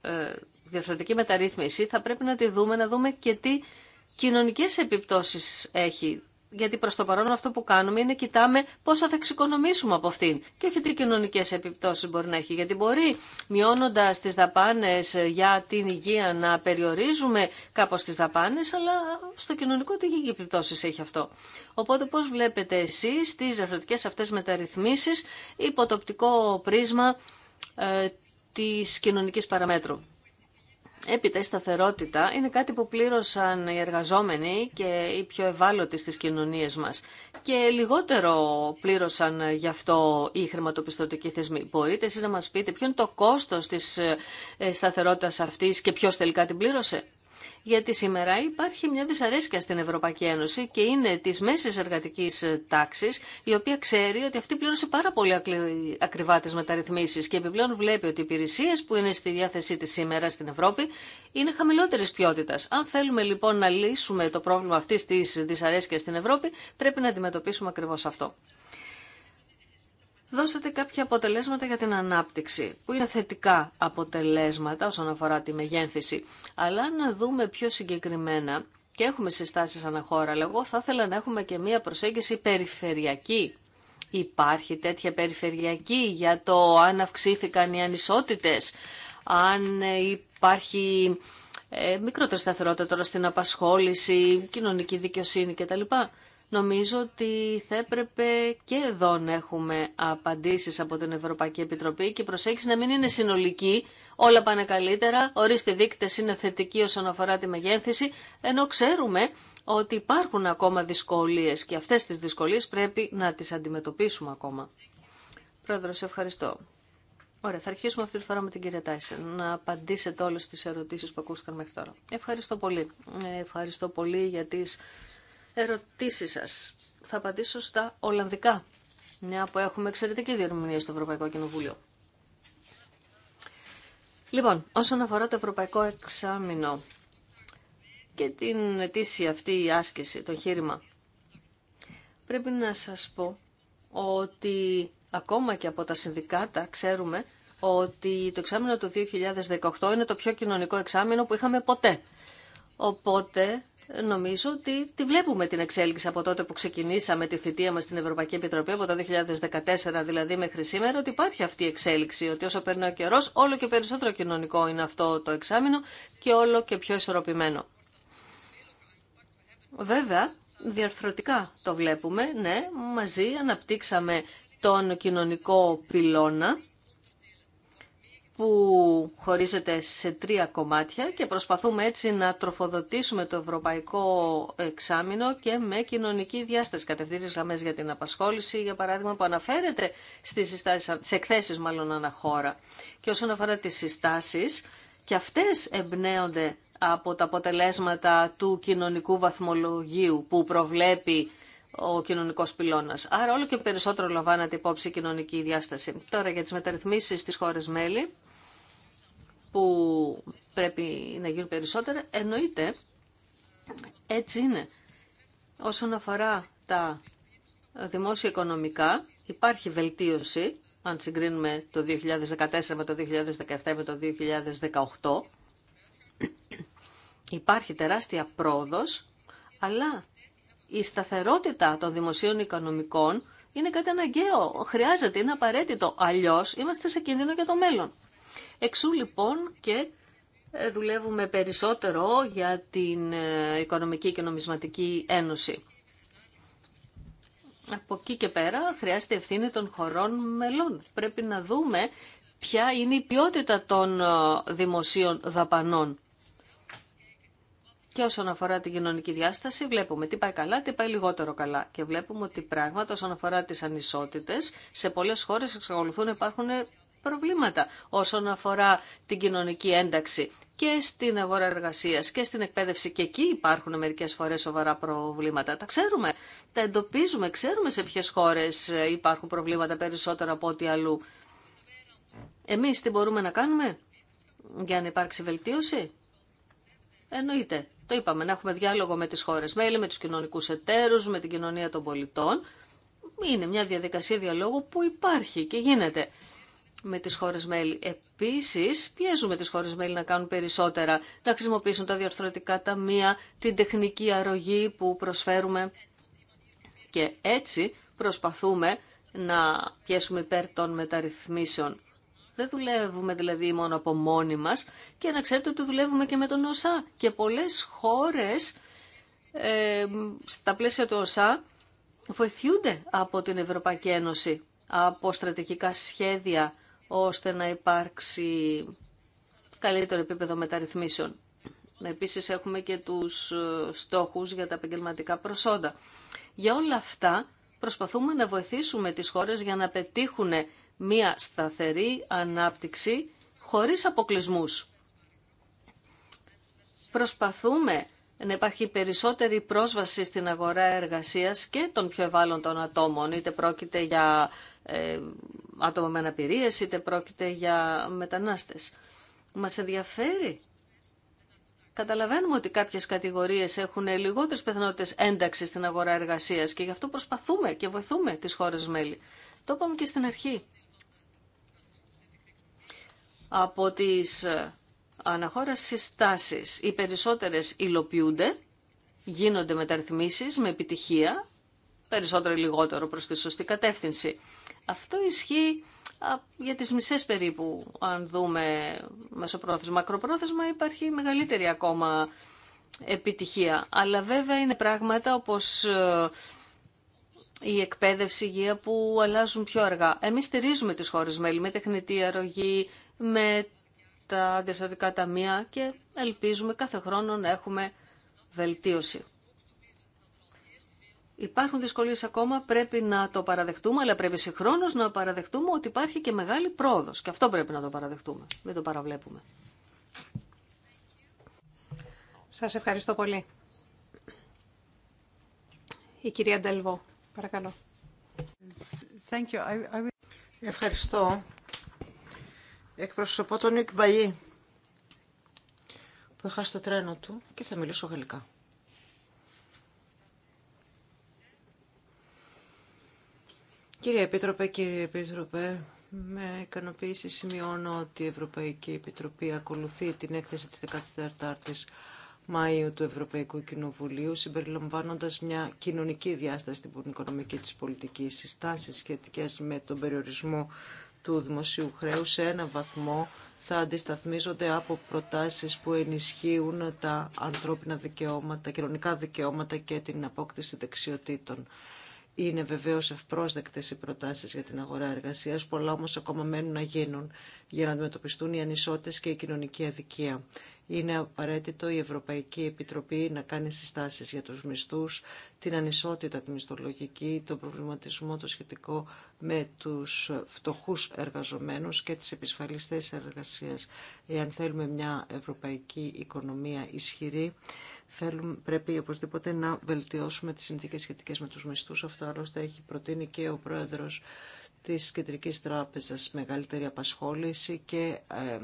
ε, διαφορετική μεταρρύθμιση θα πρέπει να τη δούμε, να δούμε και τι κοινωνικές επιπτώσεις έχει. Γιατί προς το παρόν αυτό που κάνουμε είναι κοιτάμε πόσα θα εξοικονομήσουμε από αυτήν και όχι τι κοινωνικές επιπτώσεις μπορεί να έχει. Γιατί μπορεί μειώνοντας τις δαπάνες για την υγεία να περιορίζουμε κάπως τις δαπάνες, αλλά στο κοινωνικό τι επιπτώσεις έχει αυτό. Οπότε πώς βλέπετε εσείς τις διαφορετικές αυτές μεταρρυθμίσεις υπό τοπτικό πρίσμα ε, της κοινωνικής παραμέτρου. Έπειτα η σταθερότητα είναι κάτι που πλήρωσαν οι εργαζόμενοι και οι πιο ευάλωτοι στις κοινωνίες μας. Και λιγότερο πλήρωσαν γι' αυτό οι χρηματοπιστωτικοί θεσμοί. Μπορείτε εσείς να μας πείτε ποιο είναι το κόστος της ε, σταθερότητας αυτής και ποιος τελικά την πλήρωσε γιατί σήμερα υπάρχει μια δυσαρέσκεια στην Ευρωπαϊκή Ένωση και είναι τη μέση εργατική τάξη, η οποία ξέρει ότι αυτή πλήρωσε πάρα πολύ ακριβά τι μεταρρυθμίσεις και επιπλέον βλέπει ότι οι υπηρεσίε που είναι στη διάθεσή της σήμερα στην Ευρώπη είναι χαμηλότερης ποιότητας. Αν θέλουμε λοιπόν να λύσουμε το πρόβλημα αυτή τη δυσαρέσκειας στην Ευρώπη, πρέπει να αντιμετωπίσουμε ακριβώ αυτό δώσατε κάποια αποτελέσματα για την ανάπτυξη, που είναι θετικά αποτελέσματα όσον αφορά τη μεγένθηση. Αλλά να δούμε πιο συγκεκριμένα, και έχουμε συστάσεις αναχώρα, αλλά εγώ θα ήθελα να έχουμε και μία προσέγγιση περιφερειακή. Υπάρχει τέτοια περιφερειακή για το αν αυξήθηκαν οι ανισότητες, αν υπάρχει ε, μικρότερη σταθερότητα τώρα στην απασχόληση, κοινωνική δικαιοσύνη κτλ. Νομίζω ότι θα έπρεπε και εδώ να έχουμε απαντήσεις από την Ευρωπαϊκή Επιτροπή και προσέγγιση να μην είναι συνολική, όλα πάνε καλύτερα, ορίστε δείκτες είναι θετικοί όσον αφορά τη μεγέθυνση, ενώ ξέρουμε ότι υπάρχουν ακόμα δυσκολίες και αυτές τις δυσκολίες πρέπει να τις αντιμετωπίσουμε ακόμα. Πρόεδρο, σε ευχαριστώ. Ωραία, θα αρχίσουμε αυτή τη φορά με την κυρία Τάισεν να απαντήσετε όλες τις ερωτήσεις που ακούστηκαν μέχρι τώρα. Ευχαριστώ πολύ. Ε, ευχαριστώ πολύ για τις Ερωτήσει σας. Θα απαντήσω στα Ολλανδικά, μια που έχουμε εξαιρετική διερμηνία στο Ευρωπαϊκό Κοινοβούλιο. Λοιπόν, όσον αφορά το Ευρωπαϊκό Εξάμεινο και την αιτήσια αυτή η άσκηση, το χείρημα, πρέπει να σας πω ότι ακόμα και από τα συνδικάτα ξέρουμε ότι το εξάμεινο του 2018 είναι το πιο κοινωνικό εξάμεινο που είχαμε ποτέ. Οπότε νομίζω ότι τη βλέπουμε την εξέλιξη από τότε που ξεκινήσαμε τη θητεία μας στην Ευρωπαϊκή Επιτροπή, από το 2014 δηλαδή μέχρι σήμερα, ότι υπάρχει αυτή η εξέλιξη, ότι όσο περνάει ο καιρός, όλο και περισσότερο κοινωνικό είναι αυτό το εξάμεινο και όλο και πιο ισορροπημένο. Βέβαια, διαρθρωτικά το βλέπουμε, ναι, μαζί αναπτύξαμε τον κοινωνικό πυλώνα, που χωρίζεται σε τρία κομμάτια και προσπαθούμε έτσι να τροφοδοτήσουμε το ευρωπαϊκό εξάμεινο και με κοινωνική διάσταση. Κατευθύνσεις γραμμέ για την απασχόληση, για παράδειγμα, που αναφέρεται στις, συστάσεις, σε εκθέσεις μάλλον αναχώρα. Και όσον αφορά τις συστάσεις, και αυτές εμπνέονται από τα αποτελέσματα του κοινωνικού βαθμολογίου που προβλέπει ο κοινωνικό πυλώνα. Άρα, όλο και περισσότερο λαμβάνεται υπόψη η κοινωνική διάσταση. Τώρα, για τι μεταρρυθμίσει στι χώρε μέλη, που πρέπει να γίνουν περισσότερα, εννοείται έτσι είναι. Όσον αφορά τα δημόσια οικονομικά, υπάρχει βελτίωση, αν συγκρίνουμε το 2014 με το 2017 με το 2018. Υπάρχει τεράστια πρόοδος, αλλά η σταθερότητα των δημοσίων οικονομικών είναι κάτι αναγκαίο. Χρειάζεται, είναι απαραίτητο. Αλλιώς είμαστε σε κίνδυνο για το μέλλον. Εξού λοιπόν και ε, δουλεύουμε περισσότερο για την ε, Οικονομική και Νομισματική Ένωση. Από εκεί και πέρα χρειάζεται ευθύνη των χωρών μελών. Πρέπει να δούμε ποια είναι η ποιότητα των ε, δημοσίων δαπανών. Και όσον αφορά την κοινωνική διάσταση, βλέπουμε τι πάει καλά, τι πάει λιγότερο καλά. Και βλέπουμε ότι πράγματα όσον αφορά τι ανισότητε, σε πολλέ χώρε εξακολουθούν να υπάρχουν προβλήματα όσον αφορά την κοινωνική ένταξη και στην αγορά εργασίας και στην εκπαίδευση και εκεί υπάρχουν μερικές φορές σοβαρά προβλήματα. Τα ξέρουμε, τα εντοπίζουμε, ξέρουμε σε ποιες χώρες υπάρχουν προβλήματα περισσότερο από ό,τι αλλού. Εμείς τι μπορούμε να κάνουμε για να υπάρξει βελτίωση. Εννοείται. Το είπαμε, να έχουμε διάλογο με τις χώρες μέλη, με τους κοινωνικούς εταίρους, με την κοινωνία των πολιτών. Είναι μια διαδικασία διαλόγου που υπάρχει και γίνεται με τις χώρες μέλη. Επίσης, πιέζουμε τις χώρες μέλη να κάνουν περισσότερα, να χρησιμοποιήσουν τα διορθωτικά ταμεία, την τεχνική αρρωγή που προσφέρουμε. Και έτσι προσπαθούμε να πιέσουμε υπέρ των μεταρρυθμίσεων. Δεν δουλεύουμε δηλαδή μόνο από μόνοι μας και να ξέρετε ότι δουλεύουμε και με τον ΩΣΑ. Και πολλές χώρες ε, στα πλαίσια του ΩΣΑ βοηθούνται από την Ευρωπαϊκή Ένωση, από στρατηγικά σχέδια ώστε να υπάρξει καλύτερο επίπεδο μεταρρυθμίσεων. Επίσης έχουμε και τους ε, στόχους για τα επαγγελματικά προσόντα. Για όλα αυτά προσπαθούμε να βοηθήσουμε τις χώρες για να πετύχουν μία σταθερή ανάπτυξη χωρίς αποκλεισμούς. Προσπαθούμε να υπάρχει περισσότερη πρόσβαση στην αγορά εργασίας και των πιο ευάλωτων ατόμων, είτε πρόκειται για ε, άτομα με αναπηρίες, είτε πρόκειται για μετανάστες. Μας ενδιαφέρει. Καταλαβαίνουμε ότι κάποιες κατηγορίες έχουν λιγότερες πιθανότητες ένταξης στην αγορά εργασίας και γι' αυτό προσπαθούμε και βοηθούμε τις χώρες μέλη. Το είπαμε και στην αρχή. Από τις ε, αναχώρας συστάσεις οι περισσότερες υλοποιούνται, γίνονται μεταρρυθμίσεις με επιτυχία, περισσότερο ή λιγότερο προς τη σωστή κατεύθυνση. Αυτό ισχύει για τις μισές περίπου, αν δούμε μεσοπρόθεσμα. Μακροπρόθεσμα υπάρχει μεγαλύτερη ακόμα επιτυχία. Αλλά βέβαια είναι πράγματα όπως ε, η εκπαίδευση, υγεία που αλλάζουν πιο αργά. Εμείς στηρίζουμε τις χώρες μέλη με τεχνητή αρρωγή, με τα διαφορετικά ταμεία και ελπίζουμε κάθε χρόνο να έχουμε βελτίωση. Υπάρχουν δυσκολίες ακόμα, πρέπει να το παραδεχτούμε, αλλά πρέπει συγχρόνω να παραδεχτούμε ότι υπάρχει και μεγάλη πρόοδο. Και αυτό πρέπει να το παραδεχτούμε, μην το παραβλέπουμε. Σα ευχαριστώ πολύ. Η κυρία Ντελβό, παρακαλώ. Ευχαριστώ. Εκπροσωπώ τον Νίκ Μπαγί, που είχα στο τρένο του και θα μιλήσω γαλλικά. Κύριε Επίτροπε, κύριε Επίτροπε, με ικανοποίηση σημειώνω ότι η Ευρωπαϊκή Επιτροπή ακολουθεί την έκθεση της 14ης Μαΐου του Ευρωπαϊκού Κοινοβουλίου, συμπεριλαμβάνοντας μια κοινωνική διάσταση στην οικονομική της πολιτικής, συστάσεις σχετικές με τον περιορισμό του δημοσίου χρέου σε ένα βαθμό θα αντισταθμίζονται από προτάσεις που ενισχύουν τα ανθρώπινα δικαιώματα, κοινωνικά δικαιώματα και την απόκτηση δεξιοτήτων. Είναι βεβαίως ευπρόσδεκτες οι προτάσεις για την αγορά εργασίας, πολλά όμως ακόμα μένουν να γίνουν για να αντιμετωπιστούν οι ανισότητες και η κοινωνική αδικία είναι απαραίτητο η Ευρωπαϊκή Επιτροπή να κάνει συστάσεις για τους μισθούς, την ανισότητα τη μισθολογική, τον προβληματισμό το σχετικό με τους φτωχούς εργαζομένους και τις επισφαλιστές εργασίες. Εάν θέλουμε μια ευρωπαϊκή οικονομία ισχυρή, θέλουμε, πρέπει οπωσδήποτε να βελτιώσουμε τις συνθήκες σχετικές με τους μισθούς. Αυτό άλλωστε έχει προτείνει και ο Πρόεδρος της Κεντρικής Τράπεζας μεγαλύτερη απασχόληση και ε,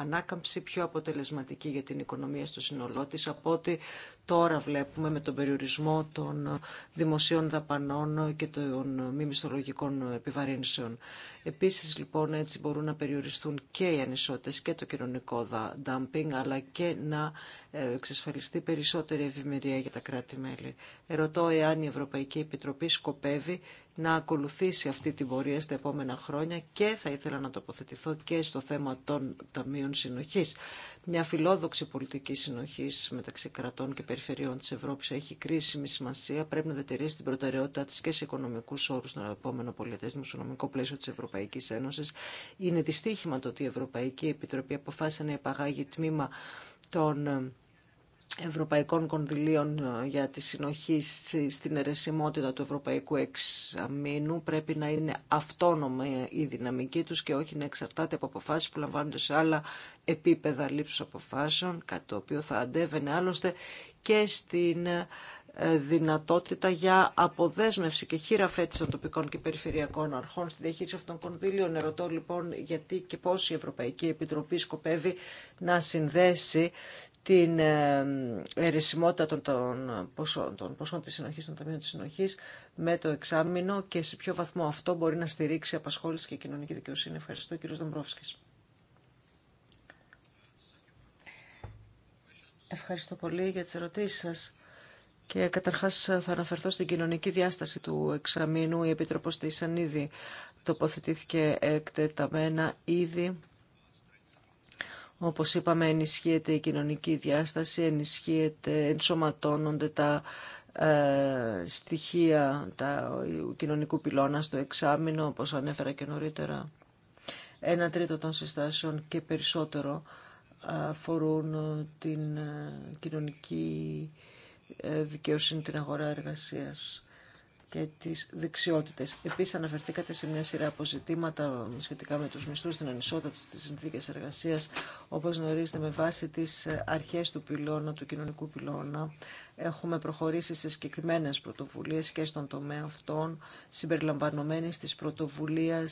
ανάκαμψη πιο αποτελεσματική για την οικονομία στο σύνολό τη από ό,τι τώρα βλέπουμε με τον περιορισμό των δημοσίων δαπανών και των μη μισθολογικών επιβαρύνσεων. Επίσης λοιπόν έτσι μπορούν να περιοριστούν και οι ανισότητες και το κοινωνικό dumping αλλά και να ε, εξασφαλιστεί περισσότερη ευημερία για τα κράτη-μέλη. Ερωτώ εάν η Ευρωπαϊκή Επιτροπή σκοπεύει να ακολουθήσει αυτή την πορεία στα επόμενα χρόνια και θα ήθελα να τοποθετηθώ και στο θέμα των ταμείων συνοχής. Μια φιλόδοξη πολιτική συνοχής μεταξύ κρατών και περιφερειών της Ευρώπης έχει κρίσιμη σημασία. Πρέπει να διατηρήσει την προτεραιότητά της και σε οικονομικούς όρους στον επόμενο πολιτές δημοσιονομικό πλαίσιο της Ευρωπαϊκής Ένωσης. Είναι δυστύχημα το ότι η Ευρωπαϊκή Επιτροπή αποφάσισε να επαγάγει τμήμα των ε, ευρωπαϊκών κονδυλίων ε, για τη συνοχή στην αιρεσιμότητα του ευρωπαϊκού εξαμήνου πρέπει να είναι αυτόνομη η δυναμική τους και όχι να εξαρτάται από αποφάσεις που λαμβάνονται σε άλλα επίπεδα λήψης αποφάσεων, κάτι το οποίο θα αντέβαινε άλλωστε και στην ε, δυνατότητα για αποδέσμευση και χείρα φέτης των τοπικών και περιφερειακών αρχών στη διαχείριση αυτών των κονδύλιων. Ερωτώ λοιπόν γιατί και πώς η Ευρωπαϊκή Επιτροπή σκοπεύει να συνδέσει την ερεσιμότητα των, ποσών, των ποσών της συνοχής, των ταμείων της συνοχής με το εξάμεινο και σε ποιο βαθμό αυτό μπορεί να στηρίξει απασχόληση και κοινωνική δικαιοσύνη. Ευχαριστώ κύριος Δομπρόφσκης. Ευχαριστώ πολύ για τις ερωτήσεις σας. Και καταρχάς θα αναφερθώ στην κοινωνική διάσταση του εξαμήνου. Η Επίτροπος της Ανίδη τοποθετήθηκε εκτεταμένα ήδη όπως είπαμε, ενισχύεται η κοινωνική διάσταση, ενισχύεται, ενσωματώνονται τα ε, στοιχεία τα, κοινωνικού πυλώνα στο εξάμεινο, όπως ανέφερα και νωρίτερα. Ένα τρίτο των συστάσεων και περισσότερο ε, αφορούν ε, την κοινωνική δικαιοσύνη, την αγορά εργασίας και τις δεξιότητες. Επίσης αναφερθήκατε σε μια σειρά αποζητήματα σχετικά με τους μισθούς, την ανισότητα στις συνθήκες εργασίας. Όπως γνωρίζετε με βάση τις αρχές του πυλώνα, του κοινωνικού πυλώνα, έχουμε προχωρήσει σε συγκεκριμένε πρωτοβουλίες και στον τομέα αυτών, συμπεριλαμβανομένης της πρωτοβουλία,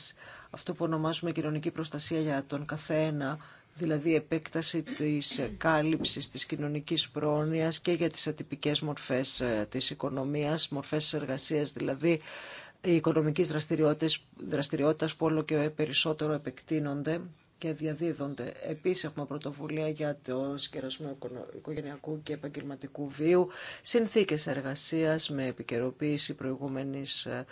αυτό που ονομάζουμε κοινωνική προστασία για τον καθένα, δηλαδή επέκταση της κάλυψης της κοινωνικής πρόνοιας και για τις ατυπικές μορφές ε, της οικονομίας, μορφές εργασίας δηλαδή οι οικονομικές δραστηριότητες, δραστηριότητας που όλο και περισσότερο επεκτείνονται και διαδίδονται. Επίσης έχουμε πρωτοβουλία για το συγκερασμό οικογενειακού και επαγγελματικού βίου, συνθήκες εργασίας με επικαιροποίηση προηγούμενης ε,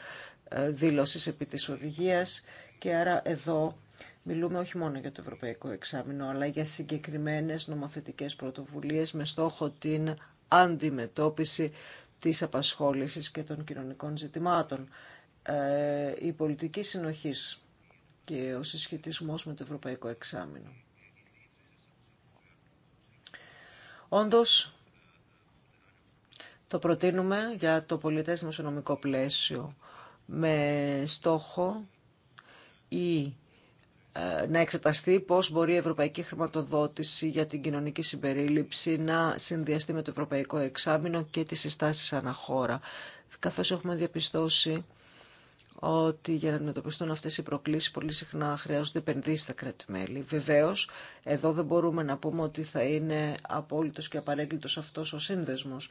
ε, δήλωσης επί της οδηγίας και άρα εδώ Μιλούμε όχι μόνο για το Ευρωπαϊκό Εξάμεινο, αλλά για συγκεκριμένες νομοθετικές πρωτοβουλίες με στόχο την αντιμετώπιση της απασχόλησης και των κοινωνικών ζητημάτων. Ε, η πολιτική συνοχής και ο συσχετισμός με το Ευρωπαϊκό Εξάμεινο. Όντως, το προτείνουμε για το πολιτές δημοσιονομικό πλαίσιο με στόχο η ε, να εξεταστεί πώς μπορεί η ευρωπαϊκή χρηματοδότηση για την κοινωνική συμπερίληψη να συνδυαστεί με το ευρωπαϊκό εξάμεινο και τις συστάσεις αναχώρα. Καθώς έχουμε διαπιστώσει ότι για να αντιμετωπιστούν αυτές οι προκλήσεις πολύ συχνά χρειάζονται επενδύσεις στα κράτη-μέλη. Βεβαίως, εδώ δεν μπορούμε να πούμε ότι θα είναι απόλυτος και απαρέγκλητος αυτός ο σύνδεσμος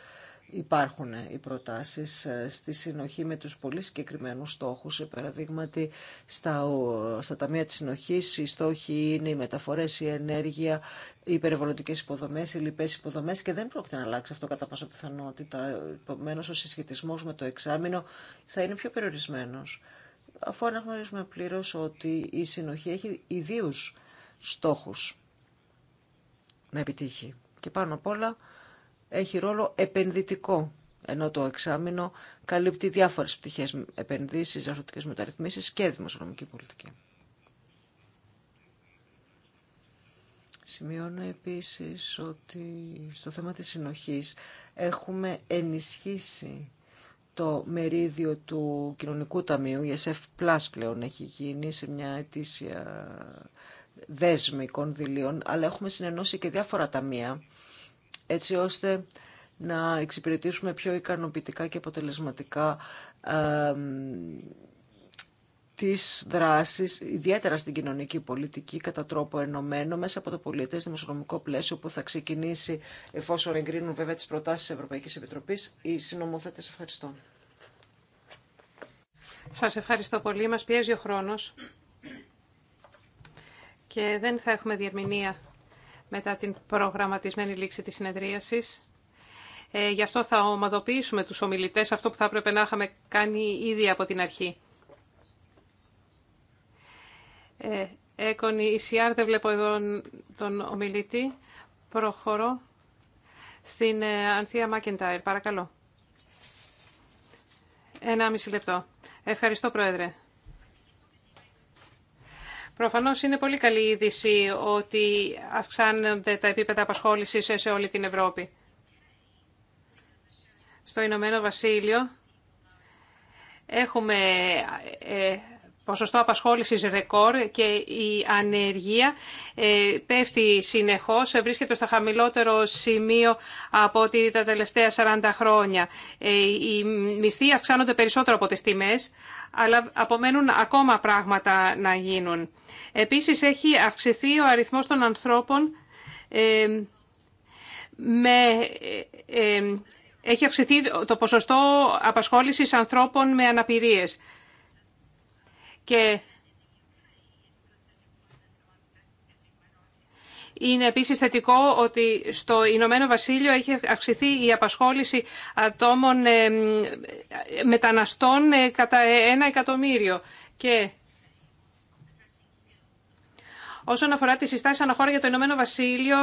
υπάρχουν ε, οι προτάσεις ε, στη συνοχή με τους πολύ συγκεκριμένου στόχους. Σε παραδείγματι, στα, στα ταμεία της συνοχής οι στόχοι είναι οι μεταφορές, η ενέργεια, οι υπερβολωτικές υποδομές, οι λοιπές υποδομές και δεν πρόκειται να αλλάξει αυτό κατά πάσα πιθανότητα. Επομένως, ο συσχετισμός με το εξάμεινο θα είναι πιο περιορισμένος. Αφού αναγνωρίζουμε πλήρως ότι η συνοχή έχει ιδίους στόχους να επιτύχει. Και πάνω απ' όλα έχει ρόλο επενδυτικό, ενώ το εξάμεινο καλύπτει διάφορες πτυχές επενδύσεις, διαφορετικές μεταρρυθμίσεις και δημοσιονομική πολιτική. Σημειώνω επίσης ότι στο θέμα της συνοχής έχουμε ενισχύσει το μερίδιο του κοινωνικού ταμείου, η SF Plus πλέον έχει γίνει σε μια αιτήσια δέσμη κονδυλίων, αλλά έχουμε συνενώσει και διάφορα ταμεία έτσι ώστε να εξυπηρετήσουμε πιο ικανοποιητικά και αποτελεσματικά ε, τις δράσεις, ιδιαίτερα στην κοινωνική πολιτική, κατά τρόπο ενωμένο, μέσα από το πολιτές δημοσιονομικό πλαίσιο που θα ξεκινήσει, εφόσον εγκρίνουν βέβαια τις προτάσεις της Ευρωπαϊκής Επιτροπής, οι συνομοθέτες. Ευχαριστώ. Σας ευχαριστώ πολύ. Μας πιέζει ο χρόνος και δεν θα έχουμε διερμηνία μετά την προγραμματισμένη λήξη της συνεδρίασης. Ε, γι' αυτό θα ομαδοποιήσουμε τους ομιλητές, αυτό που θα έπρεπε να είχαμε κάνει ήδη από την αρχή. Ε, Έκονη, η δεν βλέπω εδώ τον ομιλητή. Προχωρώ στην ε, Ανθία Μάκεντάιρ, παρακαλώ. Ένα μισή λεπτό. Ευχαριστώ, Πρόεδρε. Προφανώς είναι πολύ καλή είδηση ότι αυξάνονται τα επίπεδα απασχόλησης σε όλη την Ευρώπη. Στο Ηνωμένο Βασίλειο έχουμε ε, ποσοστό απασχόλησης ρεκόρ και η ανεργία ε, πέφτει συνεχώς, βρίσκεται στο χαμηλότερο σημείο από ό,τι τα τελευταία 40 χρόνια. Ε, οι μισθοί αυξάνονται περισσότερο από τις τιμές, αλλά απομένουν ακόμα πράγματα να γίνουν. Επίσης έχει αυξηθεί ο αριθμός των ανθρώπων ε, με... Έχει αυξηθεί το ποσοστό απασχόλησης ανθρώπων με αναπηρίες και Είναι επίσης θετικό ότι στο Ηνωμένο Βασίλειο έχει αυξηθεί η απασχόληση ατόμων ε, μεταναστών ε, κατά ένα εκατομμύριο. Και όσον αφορά τις συστάσεις αναχώρα για το Ηνωμένο Βασίλειο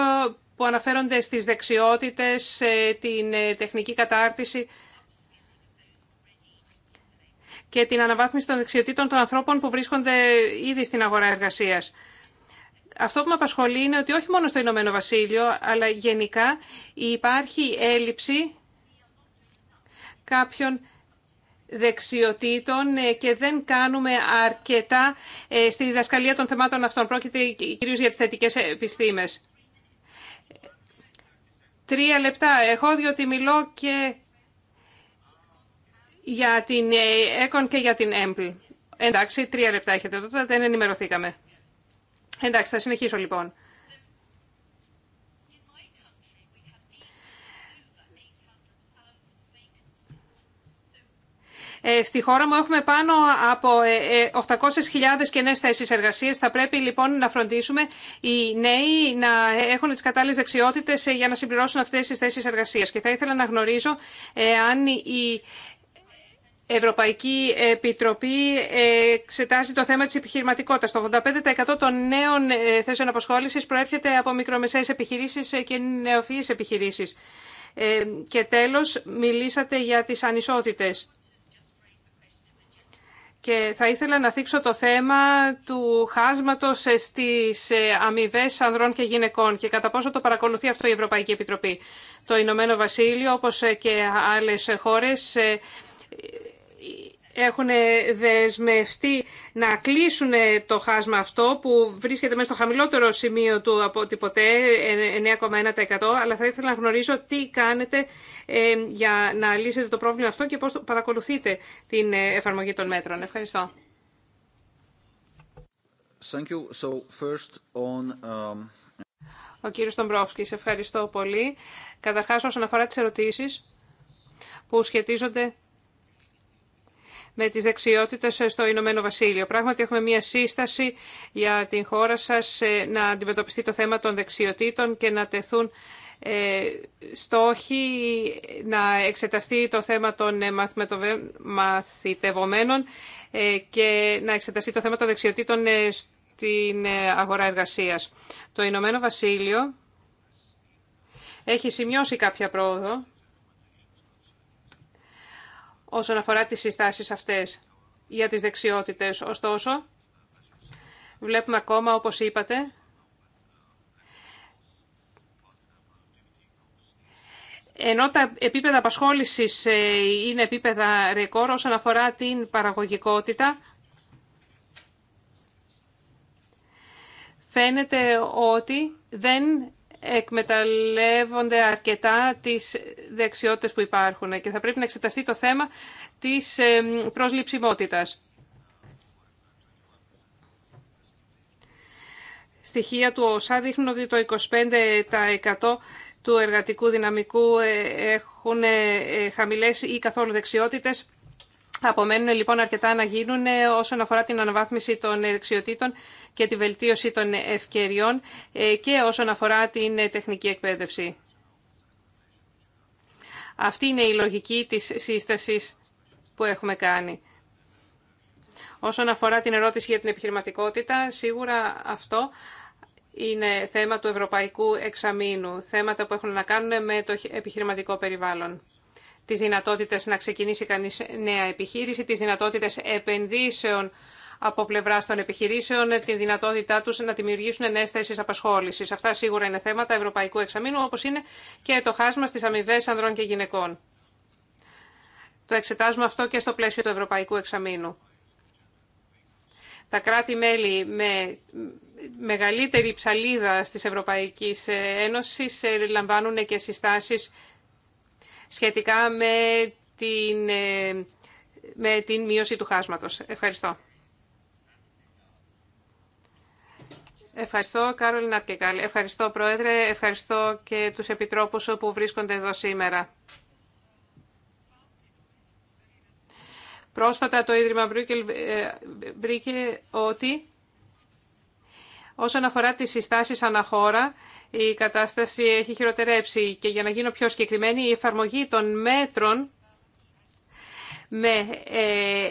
που αναφέρονται στις δεξιότητες, ε, την τεχνική κατάρτιση και την αναβάθμιση των δεξιοτήτων των ανθρώπων που βρίσκονται ήδη στην αγορά εργασίας. Αυτό που με απασχολεί είναι ότι όχι μόνο στο Ηνωμένο Βασίλειο, αλλά γενικά υπάρχει έλλειψη κάποιων δεξιοτήτων ε, και δεν κάνουμε αρκετά ε, στη διδασκαλία των θεμάτων αυτών. Πρόκειται κυρίως για τις θετικές επιστήμες. Τρία λεπτά έχω, διότι μιλώ και για την ΕΚΟΝ και για την ΕΜΠΛ. Εντάξει, τρία λεπτά έχετε τότε, δεν ενημερωθήκαμε. Εντάξει, θα συνεχίσω λοιπόν. Ε, στη χώρα μου έχουμε πάνω από 800.000 καινέ θέσει εργασία. Θα πρέπει λοιπόν να φροντίσουμε οι νέοι να έχουν τι κατάλληλε δεξιότητε ε, για να συμπληρώσουν αυτέ τι θέσει εργασία. Και θα ήθελα να γνωρίζω ε, αν η Ευρωπαϊκή Επιτροπή εξετάζει το θέμα της επιχειρηματικότητας. Το 85% των νέων ε, θέσεων απασχόλησης προέρχεται από μικρομεσαίες επιχειρήσεις και νεοφυεί επιχειρήσεις. Ε, και τέλος, μιλήσατε για τις ανισότητες. Και θα ήθελα να θίξω το θέμα του χάσματος ε, στις αμοιβέ ανδρών και γυναικών και κατά πόσο το παρακολουθεί αυτό η Ευρωπαϊκή Επιτροπή. Το Ηνωμένο Βασίλειο, όπως και άλλες χώρες, έχουν δεσμευτεί να κλείσουν το χάσμα αυτό που βρίσκεται μέσα στο χαμηλότερο σημείο του από ότι 9,1%. Αλλά θα ήθελα να γνωρίζω τι κάνετε ε, για να λύσετε το πρόβλημα αυτό και πώς παρακολουθείτε την ε, εφαρμογή των μέτρων. Ευχαριστώ. Thank you. So first on, um... Ο κύριος σε ευχαριστώ πολύ. Καταρχάς όσον αφορά τις ερωτήσεις που σχετίζονται με τις δεξιότητες στο Ηνωμένο Βασίλειο. Πράγματι έχουμε μία σύσταση για την χώρα σας ε, να αντιμετωπιστεί το θέμα των δεξιοτήτων και να τεθούν ε, στόχοι να εξεταστεί το θέμα των ε, μαθητευομένων και να εξεταστεί το θέμα των δεξιοτήτων στην αγορά εργασίας. Το Ηνωμένο Βασίλειο έχει σημειώσει κάποια πρόοδο όσον αφορά τις συστάσεις αυτές για τις δεξιότητες. Ωστόσο, βλέπουμε ακόμα, όπως είπατε, ενώ τα επίπεδα απασχόλησης ε, είναι επίπεδα ρεκόρ όσον αφορά την παραγωγικότητα, φαίνεται ότι δεν εκμεταλλεύονται αρκετά τις δεξιότητες που υπάρχουν και θα πρέπει να εξεταστεί το θέμα της ε, προσληψιμότητας. Στοιχεία του ΟΣΑ δείχνουν ότι το 25% του εργατικού δυναμικού ε, έχουν ε, χαμηλές ή καθόλου δεξιότητες Απομένουν λοιπόν αρκετά να γίνουν ε, όσον αφορά την αναβάθμιση των δεξιοτήτων και τη βελτίωση των ευκαιριών ε, και όσον αφορά την ε, τεχνική εκπαίδευση. Αυτή είναι η λογική της σύστασης που έχουμε κάνει. Όσον αφορά την ερώτηση για την επιχειρηματικότητα, σίγουρα αυτό είναι θέμα του Ευρωπαϊκού Εξαμήνου, θέματα που έχουν να κάνουν με το επιχειρηματικό περιβάλλον τις δυνατότητες να ξεκινήσει κανείς νέα επιχείρηση, τις δυνατότητες επενδύσεων από πλευρά των επιχειρήσεων, τη δυνατότητά του να δημιουργήσουν νέε θέσει απασχόληση. Αυτά σίγουρα είναι θέματα ευρωπαϊκού εξαμήνου, όπω είναι και το χάσμα στι αμοιβέ ανδρών και γυναικών. Το εξετάζουμε αυτό και στο πλαίσιο του ευρωπαϊκού εξαμήνου. Τα κράτη-μέλη με μεγαλύτερη ψαλίδα της Ευρωπαϊκής Ένωσης ε, λαμβάνουν και συστάσεις σχετικά με την, ε, με την μείωση του χάσματος. Ευχαριστώ. Ευχαριστώ, Κάρολιν Νατκεκάλη. Ευχαριστώ, Πρόεδρε. Ευχαριστώ και τους επιτρόπους που βρίσκονται εδώ σήμερα. Πρόσφατα το Ίδρυμα Μπρίκελ ε, βρήκε ότι όσον αφορά τις συστάσεις αναχώρα, η κατάσταση έχει χειροτερέψει. Και για να γίνω πιο συγκεκριμένη, η εφαρμογή των μέτρων με ε,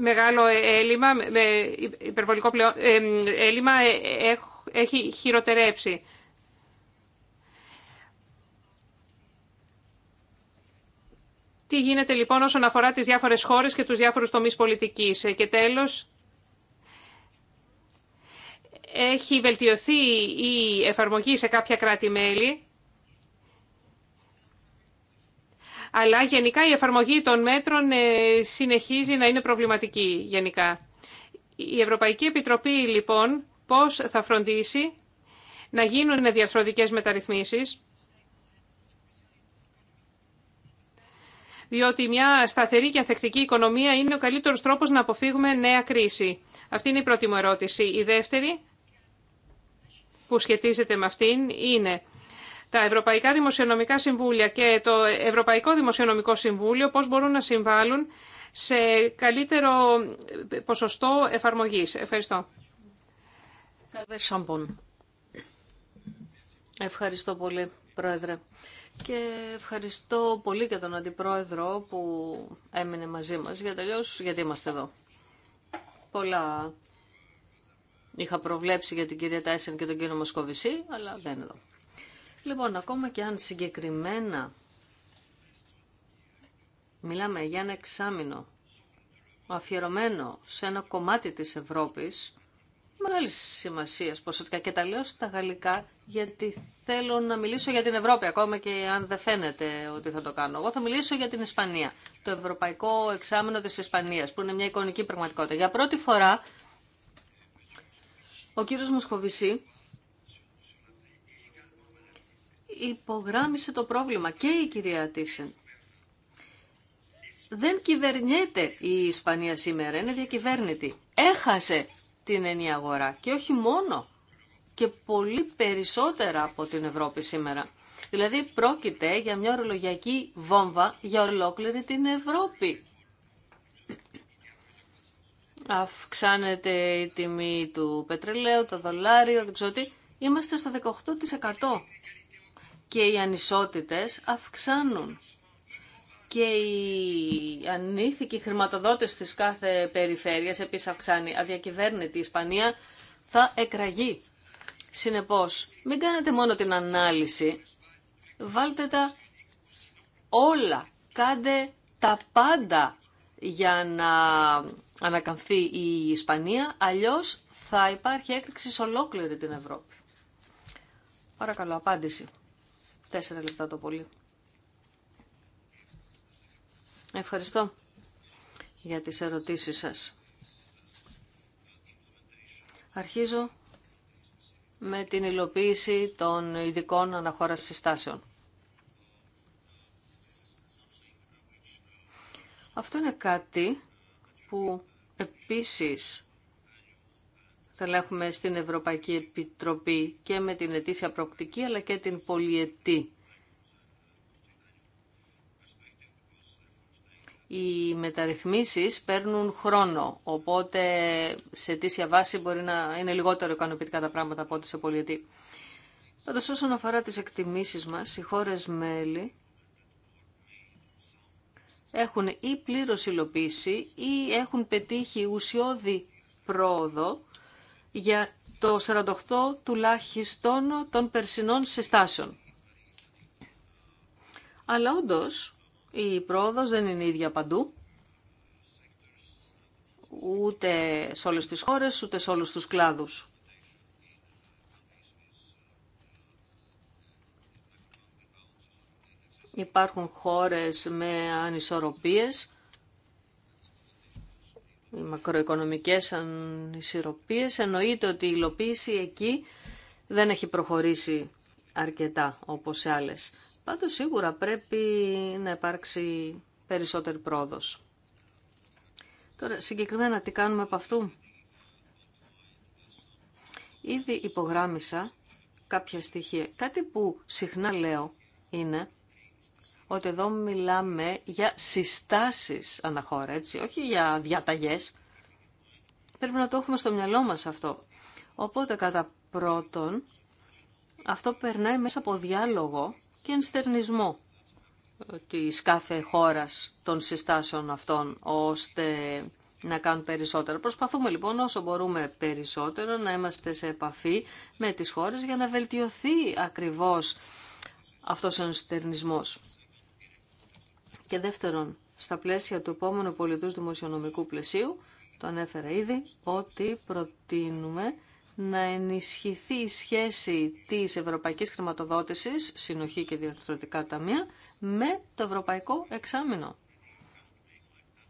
μεγάλο έλλειμμα, με υπερβολικό ε, έλλειμμα ε, έχει χειροτερέψει. Τι γίνεται λοιπόν όσον αφορά τις διάφορες χώρες και τους διάφορους τομείς πολιτικής. Ε, και τέλος, έχει βελτιωθεί η εφαρμογή σε κάποια κράτη-μέλη, αλλά γενικά η εφαρμογή των μέτρων ε, συνεχίζει να είναι προβληματική γενικά. Η Ευρωπαϊκή Επιτροπή, λοιπόν, πώς θα φροντίσει να γίνουν διαφορετικές μεταρρυθμίσεις, διότι μια σταθερή και ανθεκτική οικονομία είναι ο καλύτερος τρόπος να αποφύγουμε νέα κρίση. Αυτή είναι η πρώτη μου ερώτηση. Η δεύτερη που σχετίζεται με αυτήν είναι τα Ευρωπαϊκά Δημοσιονομικά Συμβούλια και το Ευρωπαϊκό Δημοσιονομικό Συμβούλιο πώς μπορούν να συμβάλλουν σε καλύτερο ποσοστό εφαρμογής. Ευχαριστώ. Ευχαριστώ πολύ, Πρόεδρε. Και ευχαριστώ πολύ και τον Αντιπρόεδρο που έμεινε μαζί μας για τελειώς γιατί είμαστε εδώ. Πολλά είχα προβλέψει για την κυρία Τάισεν και τον κύριο Μοσκοβισή, αλλά δεν εδώ. Λοιπόν, ακόμα και αν συγκεκριμένα μιλάμε για ένα εξάμεινο αφιερωμένο σε ένα κομμάτι της Ευρώπης, μεγάλη σημασία ποσοτικά και τα λέω στα γαλλικά γιατί θέλω να μιλήσω για την Ευρώπη ακόμα και αν δεν φαίνεται ότι θα το κάνω. Εγώ θα μιλήσω για την Ισπανία, το Ευρωπαϊκό Εξάμεινο της Ισπανίας που είναι μια εικονική πραγματικότητα. Για πρώτη φορά ο κύριος Μοσχοβησή υπογράμμισε το πρόβλημα και η κυρία Τίσεν. Δεν κυβερνιέται η Ισπανία σήμερα, είναι διακυβέρνητη. Έχασε την ενή αγορά και όχι μόνο και πολύ περισσότερα από την Ευρώπη σήμερα. Δηλαδή πρόκειται για μια ορολογιακή βόμβα για ολόκληρη την Ευρώπη αυξάνεται η τιμή του πετρελαίου, το δολάριο, δεν ξέρω τι. Είμαστε στο 18% και οι ανισότητες αυξάνουν και η ανήθικη χρηματοδότηση της κάθε περιφέρειας επίσης αυξάνει. Αδιακυβέρνητη η Ισπανία θα εκραγεί. Συνεπώς, μην κάνετε μόνο την ανάλυση, βάλτε τα όλα, κάντε τα πάντα για να ανακαμφθεί η Ισπανία, αλλιώς θα υπάρχει έκρηξη σε ολόκληρη την Ευρώπη. Παρακαλώ, απάντηση. Τέσσερα λεπτά το πολύ. Ευχαριστώ για τις ερωτήσεις σας. Αρχίζω με την υλοποίηση των ειδικών αναχώρας συστάσεων. Αυτό είναι κάτι που Επίσης, θα έχουμε στην Ευρωπαϊκή Επιτροπή και με την ετήσια προκτική αλλά και την πολιετή. Οι μεταρρυθμίσεις παίρνουν χρόνο, οπότε σε αιτήσια βάση μπορεί να είναι λιγότερο ικανοποιητικά τα πράγματα από ό,τι σε πολιετή. Πάντως όσον αφορά τις εκτιμήσεις μας, οι χώρες μέλη έχουν ή πλήρως υλοποιήσει ή έχουν πετύχει ουσιώδη πρόοδο για το 48 τουλάχιστον των περσινών συστάσεων. Αλλά όντω, η πρόοδος δεν είναι ίδια παντού, ούτε σε όλες τις χώρες, ούτε σε όλους τους κλάδους. Υπάρχουν χώρες με ανισορροπίες, οι μακροοικονομικές ανισορροπίες. Εννοείται ότι η υλοποίηση εκεί δεν έχει προχωρήσει αρκετά όπως σε άλλες. Πάντως σίγουρα πρέπει να υπάρξει περισσότερη πρόοδος. Τώρα συγκεκριμένα τι κάνουμε από αυτού. Ήδη υπογράμμισα κάποια στοιχεία. Κάτι που συχνά λέω είναι ότι εδώ μιλάμε για συστάσεις αναχώρα, έτσι, όχι για διαταγές. Πρέπει να το έχουμε στο μυαλό μας αυτό. Οπότε κατά πρώτον, αυτό περνάει μέσα από διάλογο και ενστερνισμό ε, της κάθε χώρας των συστάσεων αυτών, ώστε να κάνουν περισσότερο. Προσπαθούμε λοιπόν όσο μπορούμε περισσότερο να είμαστε σε επαφή με τις χώρες για να βελτιωθεί ακριβώς αυτός ο ενστερνισμός. Και δεύτερον, στα πλαίσια του επόμενου πολιτούς δημοσιονομικού πλαισίου, το ανέφερα ήδη, ότι προτείνουμε να ενισχυθεί η σχέση της Ευρωπαϊκής Χρηματοδότησης, Συνοχή και Διευθυντικά Ταμεία, με το Ευρωπαϊκό Εξάμεινο.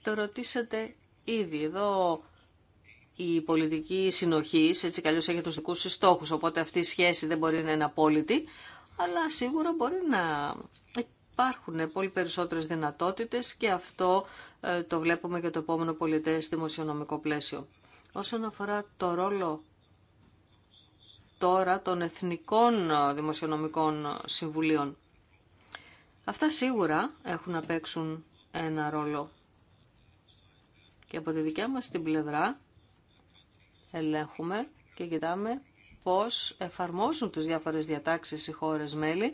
Το ρωτήσατε ήδη. Εδώ η πολιτική συνοχή, έτσι κι αλλιώς έχει τους δικούς στόχους, οπότε αυτή η σχέση δεν μπορεί να είναι απόλυτη, αλλά σίγουρα μπορεί να υπάρχουν πολύ περισσότερες δυνατότητες και αυτό ε, το βλέπουμε για το επόμενο πολιτές δημοσιονομικό πλαίσιο. Όσον αφορά το ρόλο τώρα των εθνικών ε, δημοσιονομικών συμβουλίων, αυτά σίγουρα έχουν να παίξουν ένα ρόλο. Και από τη δικιά μας την πλευρά ελέγχουμε και κοιτάμε πώς εφαρμόζουν τις διάφορες διατάξεις οι χώρες μέλη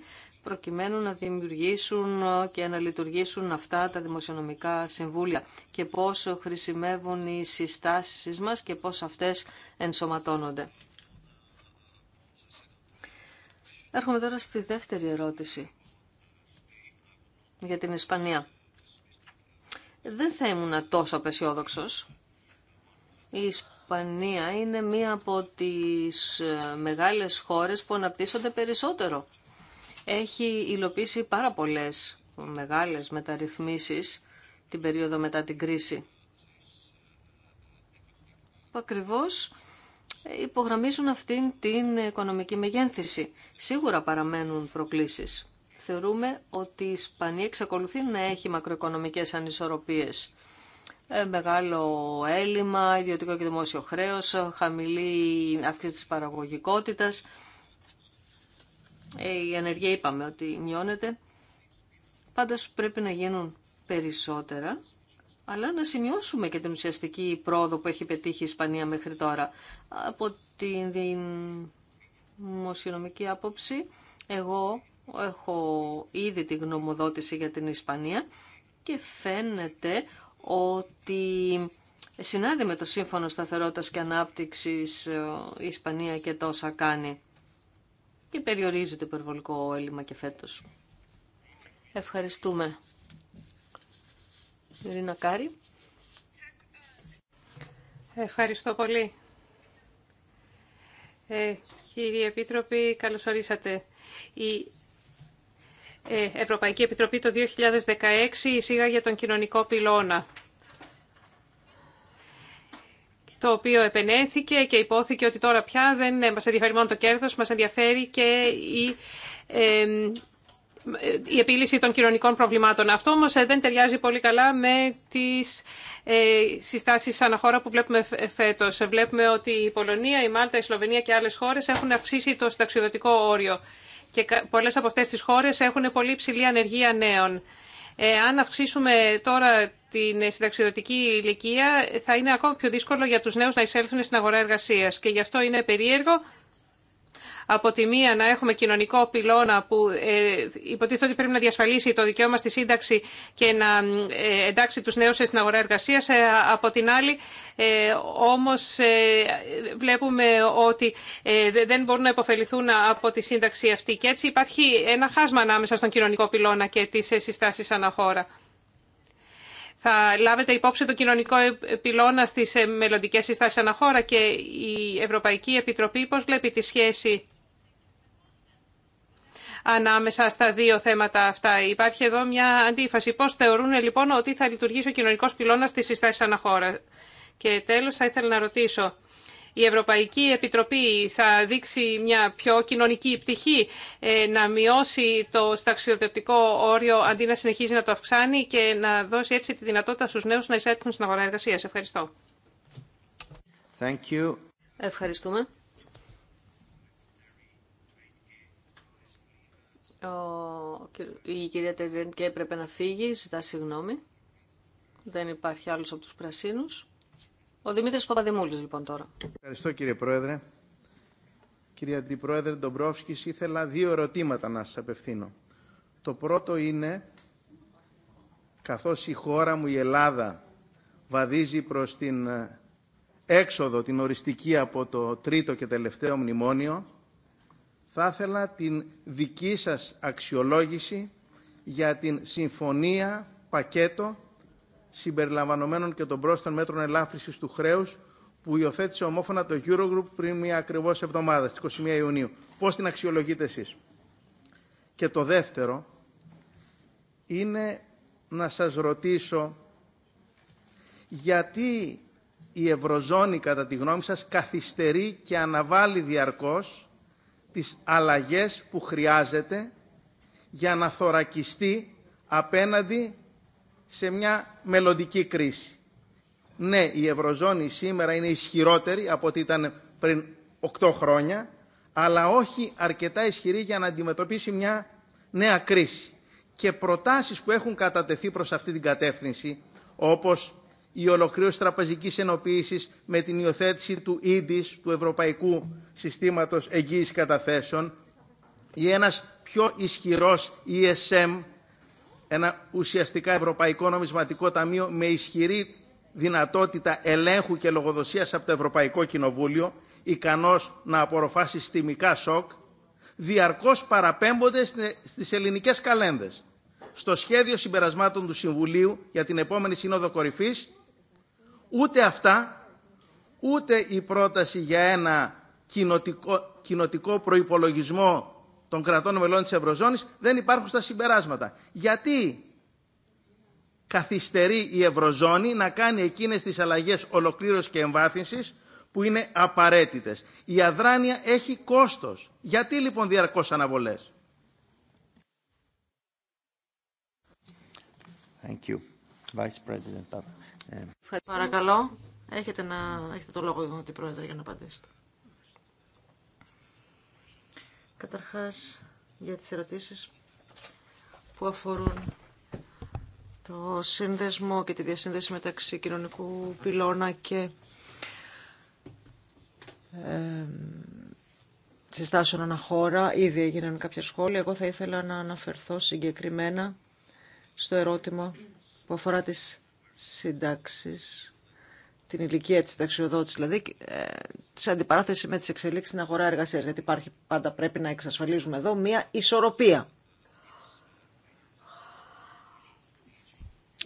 προκειμένου να δημιουργήσουν και να λειτουργήσουν αυτά τα δημοσιονομικά συμβούλια και πώς χρησιμεύουν οι συστάσεις μας και πώς αυτές ενσωματώνονται. Έρχομαι τώρα στη δεύτερη ερώτηση για την Ισπανία. Δεν θα ήμουν τόσο απεσιόδοξος. Η Ισπανία είναι μία από τις ε, μεγάλες χώρες που αναπτύσσονται περισσότερο έχει υλοποιήσει πάρα πολλές μεγάλες μεταρρυθμίσεις την περίοδο μετά την κρίση. Ακριβώ υπογραμμίζουν αυτήν την οικονομική μεγένθηση. Σίγουρα παραμένουν προκλήσεις. Θεωρούμε ότι η Ισπανία εξακολουθεί να έχει μακροοικονομικές ανισορροπίες. Ε, μεγάλο έλλειμμα, ιδιωτικό και δημόσιο χρέος, χαμηλή αύξηση της παραγωγικότητας. Ε, η ανεργία είπαμε ότι μειώνεται. Πάντως πρέπει να γίνουν περισσότερα, αλλά να σημειώσουμε και την ουσιαστική πρόοδο που έχει πετύχει η Ισπανία μέχρι τώρα. Από την δημοσιονομική άποψη, εγώ έχω ήδη τη γνωμοδότηση για την Ισπανία και φαίνεται ότι συνάδει με το Σύμφωνο Σταθερότητας και Ανάπτυξης ε, η Ισπανία και τόσα κάνει και περιορίζει το υπερβολικό έλλειμμα και φέτος. Ευχαριστούμε. Ειρήνα Κάρη. Ευχαριστώ πολύ. Ε, κύριε Επίτροπη, καλώς ορίσατε. Η ε, Ευρωπαϊκή Επιτροπή το 2016 εισήγαγε τον κοινωνικό πυλώνα το οποίο επενέθηκε και υπόθηκε ότι τώρα πια δεν ε, μας ενδιαφέρει μόνο το κέρδος, μας ενδιαφέρει και η, ε, ε η επίλυση των κοινωνικών προβλημάτων. Αυτό όμως ε, δεν ταιριάζει πολύ καλά με τις ε, συστάσεις χώρα που βλέπουμε φέτος. Βλέπουμε ότι η Πολωνία, η Μάλτα, η Σλοβενία και άλλες χώρες έχουν αυξήσει το συνταξιδοτικό όριο. Και πολλές από αυτές τις χώρες έχουν πολύ ψηλή ανεργία νέων. Ε, αν αυξήσουμε τώρα την συνταξιδοτική ηλικία θα είναι ακόμα πιο δύσκολο για τους νέους να εισέλθουν στην αγορά εργασίας και γι' αυτό είναι περίεργο από τη μία να έχουμε κοινωνικό πυλώνα που ε, υποτίθεται ότι πρέπει να διασφαλίσει το δικαίωμα στη σύνταξη και να ε, εντάξει τους νέους στην αγορά εργασίας. Ε, από την άλλη όμως βλέπουμε ότι δεν μπορούν να υποφεληθούν από τη σύνταξη αυτή και έτσι υπάρχει ένα χάσμα ανάμεσα στον κοινωνικό πυλώνα και τις συστάσεις αναχώρα. Θα λάβετε υπόψη το κοινωνικό πυλώνα στις μελλοντικές συστάσεις αναχώρα και η Ευρωπαϊκή Επιτροπή πώς βλέπει τη σχέση ανάμεσα στα δύο θέματα αυτά. Υπάρχει εδώ μια αντίφαση. Πώς θεωρούν λοιπόν ότι θα λειτουργήσει ο κοινωνικός πυλώνας στις συστάσεις αναχώρα. Και τέλος θα ήθελα να ρωτήσω. Η Ευρωπαϊκή Επιτροπή θα δείξει μια πιο κοινωνική πτυχή, ε, να μειώσει το σταξιοδοτικό όριο αντί να συνεχίζει να το αυξάνει και να δώσει έτσι τη δυνατότητα στους νέους να εισέλθουν στην αγορά εργασίας. Ευχαριστώ. Thank you. Ευχαριστούμε. Η κυρία και έπρεπε να φύγει, ζητά συγγνώμη. Δεν υπάρχει άλλος από τους πρασίνους. Ο Δημήτρης Παπαδημούλης λοιπόν τώρα. Ευχαριστώ κύριε Πρόεδρε. Κύριε Αντιπρόεδρε Ντομπρόφσκης, ήθελα δύο ερωτήματα να σας απευθύνω. Το πρώτο είναι, καθώς η χώρα μου η Ελλάδα βαδίζει προς την ε, έξοδο, την οριστική από το τρίτο και τελευταίο μνημόνιο, θα ήθελα την δική σας αξιολόγηση για την συμφωνία πακέτο συμπεριλαμβανομένων και των πρόσθετων μέτρων ελάφρυσης του χρέους που υιοθέτησε ομόφωνα το Eurogroup πριν μια ακριβώς εβδομάδα, στις 21 Ιουνίου. Πώς την αξιολογείτε εσείς. Και το δεύτερο είναι να σας ρωτήσω γιατί η Ευρωζώνη κατά τη γνώμη σας καθυστερεί και αναβάλει διαρκώς τις αλλαγές που χρειάζεται για να θωρακιστεί απέναντι σε μια μελλοντική κρίση. Ναι, η Ευρωζώνη σήμερα είναι ισχυρότερη από ό,τι ήταν πριν 8 χρόνια, αλλά όχι αρκετά ισχυρή για να αντιμετωπίσει μια νέα κρίση. Και προτάσεις που έχουν κατατεθεί προς αυτή την κατεύθυνση, όπως η ολοκλήρωση τραπεζικής ενοποίησης με την υιοθέτηση του EDIS, του Ευρωπαϊκού Συστήματος Εγγύης Καταθέσεων, ή ένας πιο ισχυρός ESM, ένα ουσιαστικά Ευρωπαϊκό Νομισματικό Ταμείο με ισχυρή δυνατότητα ελέγχου και λογοδοσίας από το Ευρωπαϊκό Κοινοβούλιο, ικανός να απορροφά συστημικά σοκ, διαρκώς παραπέμπονται στις ελληνικές καλένδες. Στο σχέδιο συμπερασμάτων του Συμβουλίου για την επόμενη Σύνοδο Κορυφής Ούτε αυτά, ούτε η πρόταση για ένα κοινοτικό, κοινοτικό προϋπολογισμό των κρατών μελών της Ευρωζώνης δεν υπάρχουν στα συμπεράσματα. Γιατί καθυστερεί η Ευρωζώνη να κάνει εκείνες τις αλλαγές ολοκλήρωσης και εμβάθυνσης που είναι απαραίτητες. Η αδράνεια έχει κόστος. Γιατί λοιπόν διαρκώς αναβολές. Thank you. Vice Παρακαλώ, έχετε, να... έχετε το λόγο, την Πρόεδρε, για να απαντήσετε. Καταρχάς, για τις ερωτήσεις που αφορούν το σύνδεσμο και τη διασύνδεση μεταξύ κοινωνικού πυλώνα και ε, συστάσεων αναχώρα. Ήδη έγιναν κάποια σχόλια. Εγώ θα ήθελα να αναφερθώ συγκεκριμένα στο ερώτημα που αφορά τις συντάξεις, την ηλικία της συνταξιοδότησης, δηλαδή ε, σε αντιπαράθεση με τις εξελίξεις στην αγορά εργασίας, γιατί υπάρχει πάντα πρέπει να εξασφαλίζουμε εδώ μία ισορροπία.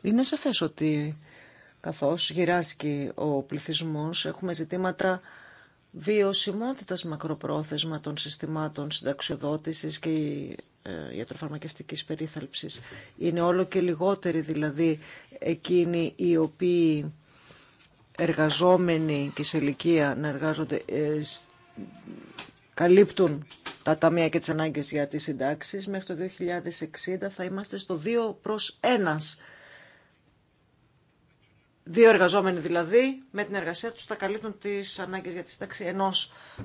Είναι σαφές ότι καθώς γυράσκει ο πληθυσμός έχουμε ζητήματα βιωσιμότητας μακροπρόθεσμα των συστημάτων συνταξιοδότησης και ε, ιατροφαρμακευτικής περίθαλψης. Είναι όλο και λιγότεροι δηλαδή εκείνοι οι οποίοι εργαζόμενοι και σε ηλικία να εργάζονται ε, καλύπτουν τα ταμεία και τις ανάγκες για τις συντάξεις. Μέχρι το 2060 θα είμαστε στο 2 προς 1 Δύο εργαζόμενοι δηλαδή με την εργασία του θα καλύπτουν τι ανάγκε για τη σύνταξη ενό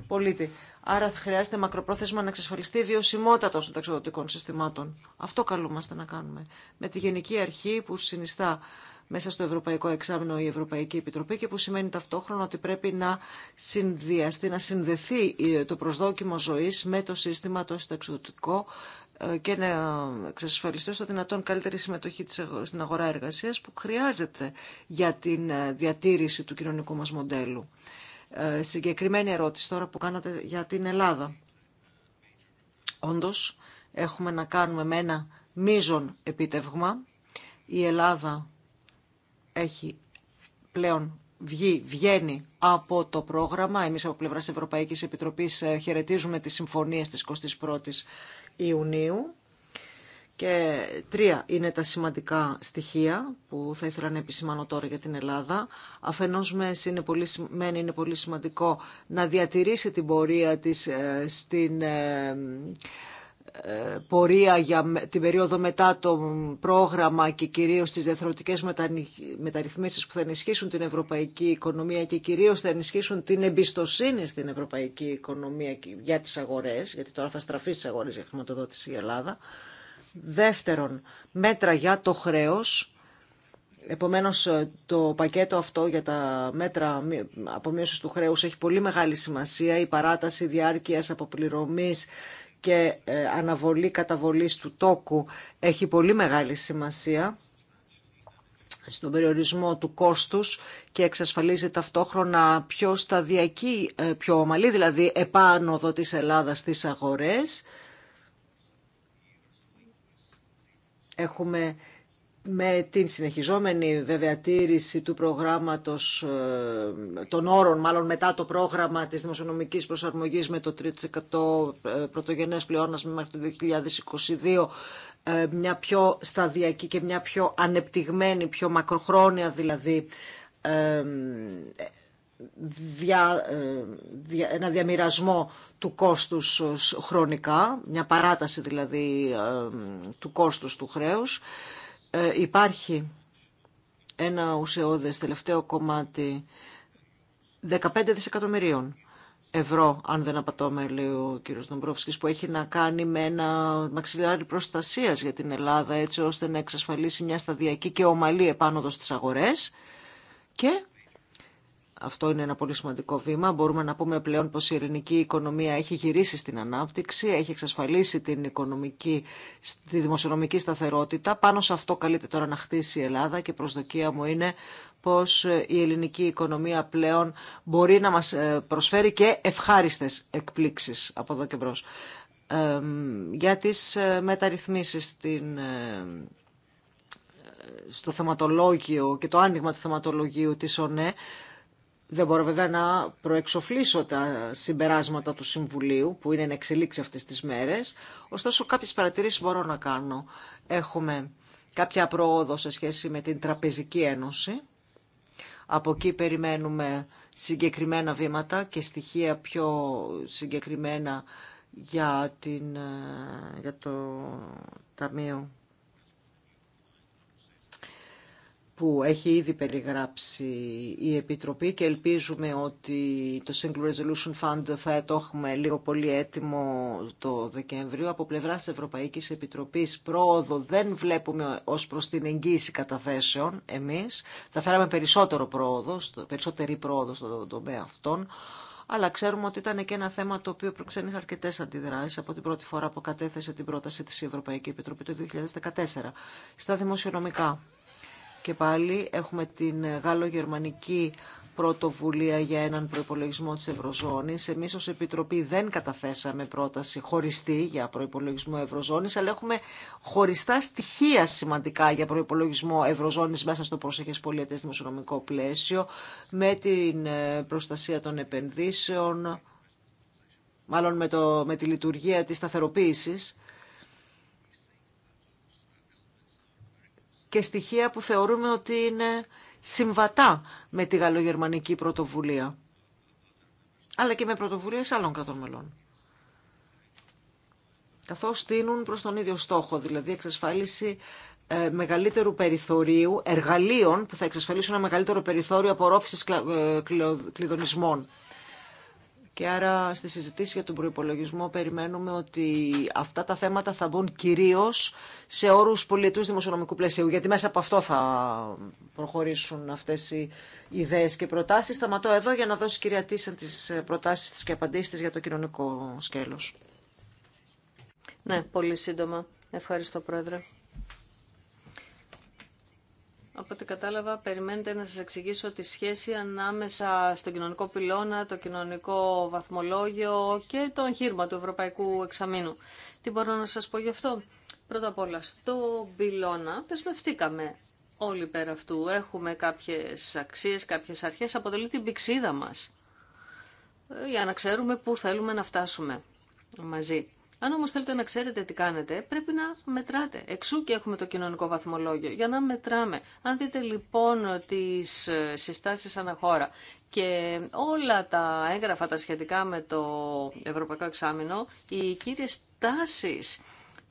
πολίτη. Άρα χρειάζεται μακροπρόθεσμα να εξασφαλιστεί η βιωσιμότητα των συνταξιδοτικών συστημάτων. Αυτό καλούμαστε να κάνουμε. Με τη Γενική Αρχή που συνιστά μέσα στο Ευρωπαϊκό Εξάμεινο η Ευρωπαϊκή Επιτροπή και που σημαίνει ταυτόχρονα ότι πρέπει να συνδυαστεί, να συνδεθεί το προσδόκιμο ζωή με το σύστημα το συνταξιδοτικό ε, και να εξασφαλιστεί στο δυνατόν καλύτερη συμμετοχή στην αγορά εργασίας που χρειάζεται για την ε, διατήρηση του κοινωνικού μας μοντέλου. Ε, συγκεκριμένη ερώτηση τώρα που κάνατε για την Ελλάδα. Όντως, έχουμε να κάνουμε με ένα μείζον επίτευγμα. Η Ελλάδα έχει πλέον βγει, βγαίνει από το πρόγραμμα. Εμείς από πλευράς Ευρωπαϊκής Επιτροπής χαιρετίζουμε τις συμφωνίες της 21ης Ιουνίου και τρία είναι τα σημαντικά στοιχεία που θα ήθελα να επισημάνω τώρα για την Ελλάδα. Αφενός μες είναι, πολύ, είναι πολύ σημαντικό να διατηρήσει την πορεία της ε, στην ε, ε, πορεία για την περίοδο μετά το πρόγραμμα και κυρίως τις διαθροτικές μεταρρυθμίσεις που θα ενισχύσουν την ευρωπαϊκή οικονομία και κυρίως θα ενισχύσουν την εμπιστοσύνη στην ευρωπαϊκή οικονομία για τις αγορές, γιατί τώρα θα στραφεί στις αγορές για χρηματοδότηση η Ελλάδα. Δεύτερον, μέτρα για το χρέος. Επομένως, το πακέτο αυτό για τα μέτρα απομείωσης του χρέους έχει πολύ μεγάλη σημασία. Η παράταση διάρκειας αποπληρωμής και ε, αναβολή καταβολής του τόκου έχει πολύ μεγάλη σημασία στον περιορισμό του κόστους και εξασφαλίζει ταυτόχρονα πιο σταδιακή, ε, πιο ομαλή, δηλαδή επάνωδο της Ελλάδας στις αγορές. Έχουμε με την συνεχιζόμενη βέβαια του προγράμματος, ε, των όρων μάλλον μετά το πρόγραμμα της δημοσιονομικής προσαρμογής με το 3% ε, πρωτογενές πλεόνασμα μέχρι το 2022, ε, μια πιο σταδιακή και μια πιο ανεπτυγμένη, πιο μακροχρόνια δηλαδή, ένα διαμοιρασμό του κόστους χρονικά, μια παράταση δηλαδή του κόστους του χρέους. Ε, υπάρχει ένα ουσιώδες τελευταίο κομμάτι 15 δισεκατομμυρίων ευρώ, αν δεν απατώμε, λέει ο κύριο Ντομπρόφσκη, που έχει να κάνει με ένα μαξιλάρι προστασία για την Ελλάδα, έτσι ώστε να εξασφαλίσει μια σταδιακή και ομαλή επάνωδο στι αγορέ. Και αυτό είναι ένα πολύ σημαντικό βήμα. Μπορούμε να πούμε πλέον πως η ελληνική οικονομία έχει γυρίσει στην ανάπτυξη, έχει εξασφαλίσει την οικονομική, τη δημοσιονομική σταθερότητα. Πάνω σε αυτό καλείται τώρα να χτίσει η Ελλάδα και προσδοκία μου είναι πως η ελληνική οικονομία πλέον μπορεί να μας ε, προσφέρει και ευχάριστες εκπλήξεις από εδώ και μπρος. για τις ε, μεταρρυθμίσεις ε, στο θεματολόγιο και το άνοιγμα του θεματολογίου της ΟΝΕ δεν μπορώ βέβαια να προεξοφλήσω τα συμπεράσματα του Συμβουλίου που είναι εξελίξει αυτές τις μέρες, ωστόσο κάποιες παρατηρήσεις μπορώ να κάνω. Έχουμε κάποια προόδο σε σχέση με την Τραπεζική Ένωση. Από εκεί περιμένουμε συγκεκριμένα βήματα και στοιχεία πιο συγκεκριμένα για, την, ε, για το Ταμείο που έχει ήδη περιγράψει η Επιτροπή και ελπίζουμε ότι το Single Resolution Fund θα το έχουμε λίγο πολύ έτοιμο το Δεκέμβριο. Από πλευρά τη Ευρωπαϊκή Επιτροπής πρόοδο δεν βλέπουμε ω προ την εγγύηση καταθέσεων Εμεί Θα φέραμε περισσότερο πρόοδο, περισσότερη πρόοδο στον τομέα αυτών. Αλλά ξέρουμε ότι ήταν και ένα θέμα το οποίο προξένησε αρκετέ αντιδράσει από την πρώτη φορά που κατέθεσε την πρόταση τη Ευρωπαϊκή Επιτροπή το 2014. Στα δημοσιονομικά. Και πάλι έχουμε την γαλλο πρωτοβουλία για έναν προϋπολογισμό της Ευρωζώνης. Εμείς ως Επιτροπή δεν καταθέσαμε πρόταση χωριστή για προϋπολογισμό Ευρωζώνης, αλλά έχουμε χωριστά στοιχεία σημαντικά για προϋπολογισμό Ευρωζώνης μέσα στο προσεχές πολιτές δημοσιονομικό πλαίσιο, με την ε, προστασία των επενδύσεων, μάλλον με, το, με τη λειτουργία της σταθεροποίησης και στοιχεία που θεωρούμε ότι είναι συμβατά με τη γαλλογερμανική πρωτοβουλία, αλλά και με πρωτοβουλίε άλλων κρατών μελών. Καθώ στείνουν προς τον ίδιο στόχο, δηλαδή εξασφάλιση ε, μεγαλύτερου περιθωρίου, εργαλείων που θα εξασφαλίσουν ένα μεγαλύτερο περιθώριο απορρόφησης ε, κλειδονισμών. Και άρα στη συζητήση για τον προπολογισμό περιμένουμε ότι αυτά τα θέματα θα μπουν κυρίως σε όρους πολιτου δημοσιονομικού πλαισίου, γιατί μέσα από αυτό θα προχωρήσουν αυτές οι ιδέες και προτάσεις. Σταματώ εδώ για να δώσει κυρία Τίσεν τι προτάσεις της και απαντήσει τη για το κοινωνικό σκέλος. Ναι, πολύ σύντομα. Ευχαριστώ, Πρόεδρε. Οπότε κατάλαβα, περιμένετε να σας εξηγήσω τη σχέση ανάμεσα στον κοινωνικό πυλώνα, το κοινωνικό βαθμολόγιο και το εγχείρημα του Ευρωπαϊκού Εξαμήνου. Τι μπορώ να σας πω γι' αυτό. Πρώτα απ' όλα, στο πυλώνα δεσμευτήκαμε όλοι πέρα αυτού. Έχουμε κάποιες αξίες, κάποιες αρχές, αποτελεί την πηξίδα μας ε, για να ξέρουμε πού θέλουμε να φτάσουμε μαζί. Αν όμως θέλετε να ξέρετε τι κάνετε, πρέπει να μετράτε. Εξού και έχουμε το κοινωνικό βαθμολόγιο, για να μετράμε. Αν δείτε λοιπόν τις ε, συστάσεις αναχώρα και όλα τα έγγραφα τα σχετικά με το Ευρωπαϊκό Εξάμεινο, οι κύριε τάσει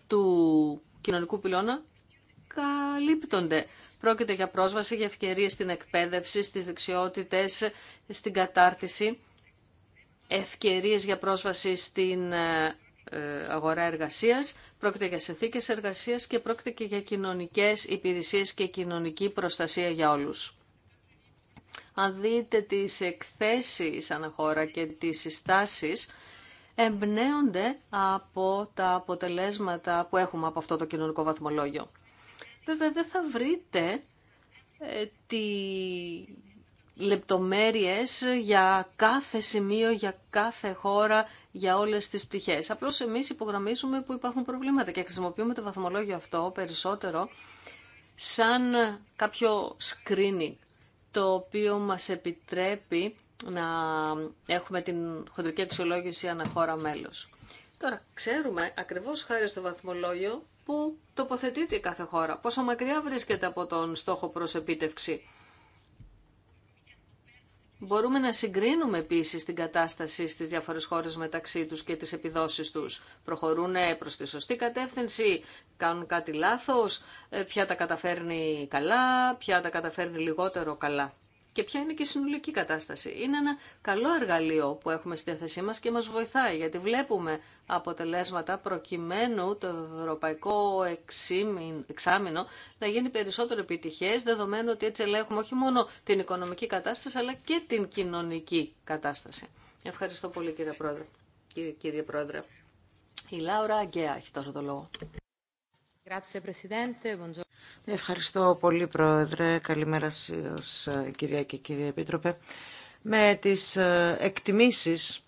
του κοινωνικού πυλώνα καλύπτονται. Πρόκειται για πρόσβαση, για ευκαιρίες στην εκπαίδευση, στις δεξιότητες, στην κατάρτιση ευκαιρίες για πρόσβαση στην ε, ε, αγορά εργασίας, πρόκειται για συνθήκες εργασίας και πρόκειται και για κοινωνικές υπηρεσίες και κοινωνική προστασία για όλους. Αν δείτε τις εκθέσεις αναχώρα και τις συστάσεις, εμπνέονται από τα αποτελέσματα που έχουμε από αυτό το κοινωνικό βαθμολόγιο. Βέβαια δεν θα βρείτε ε, τη λεπτομέρειες για κάθε σημείο, για κάθε χώρα για όλες τις πτυχές. Απλώς εμείς υπογραμμίζουμε που υπάρχουν προβλήματα και χρησιμοποιούμε το βαθμολόγιο αυτό περισσότερο σαν κάποιο screening το οποίο μας επιτρέπει να έχουμε την χοντρική αξιολόγηση αναχώρα μέλος. Τώρα, ξέρουμε ακριβώς χάρη στο βαθμολόγιο που τοποθετείται κάθε χώρα, πόσο μακριά βρίσκεται από τον στόχο προς επίτευξη. Μπορούμε να συγκρίνουμε επίσης την κατάσταση στις διάφορες χώρες μεταξύ τους και τις επιδόσεις τους. Προχωρούν προς τη σωστή κατεύθυνση, κάνουν κάτι λάθος, ε, ποια τα καταφέρνει καλά, ποια τα καταφέρνει λιγότερο καλά και ποια είναι και η συνολική κατάσταση. Είναι ένα καλό εργαλείο που έχουμε στη θέση μας και μας βοηθάει γιατί βλέπουμε αποτελέσματα προκειμένου το ευρωπαϊκό εξάμεινο να γίνει περισσότερο επιτυχές δεδομένου ότι έτσι ελέγχουμε όχι μόνο την οικονομική κατάσταση αλλά και την κοινωνική κατάσταση. Ευχαριστώ πολύ κύριε Πρόεδρε. Κύριε, Πρόεδρε. Η Λάουρα Αγκαία έχει τώρα το λόγο. Ευχαριστώ πολύ, Πρόεδρε. Καλημέρα σας, κυρία και κύριε Επίτροπε. Με τις ε, εκτιμήσεις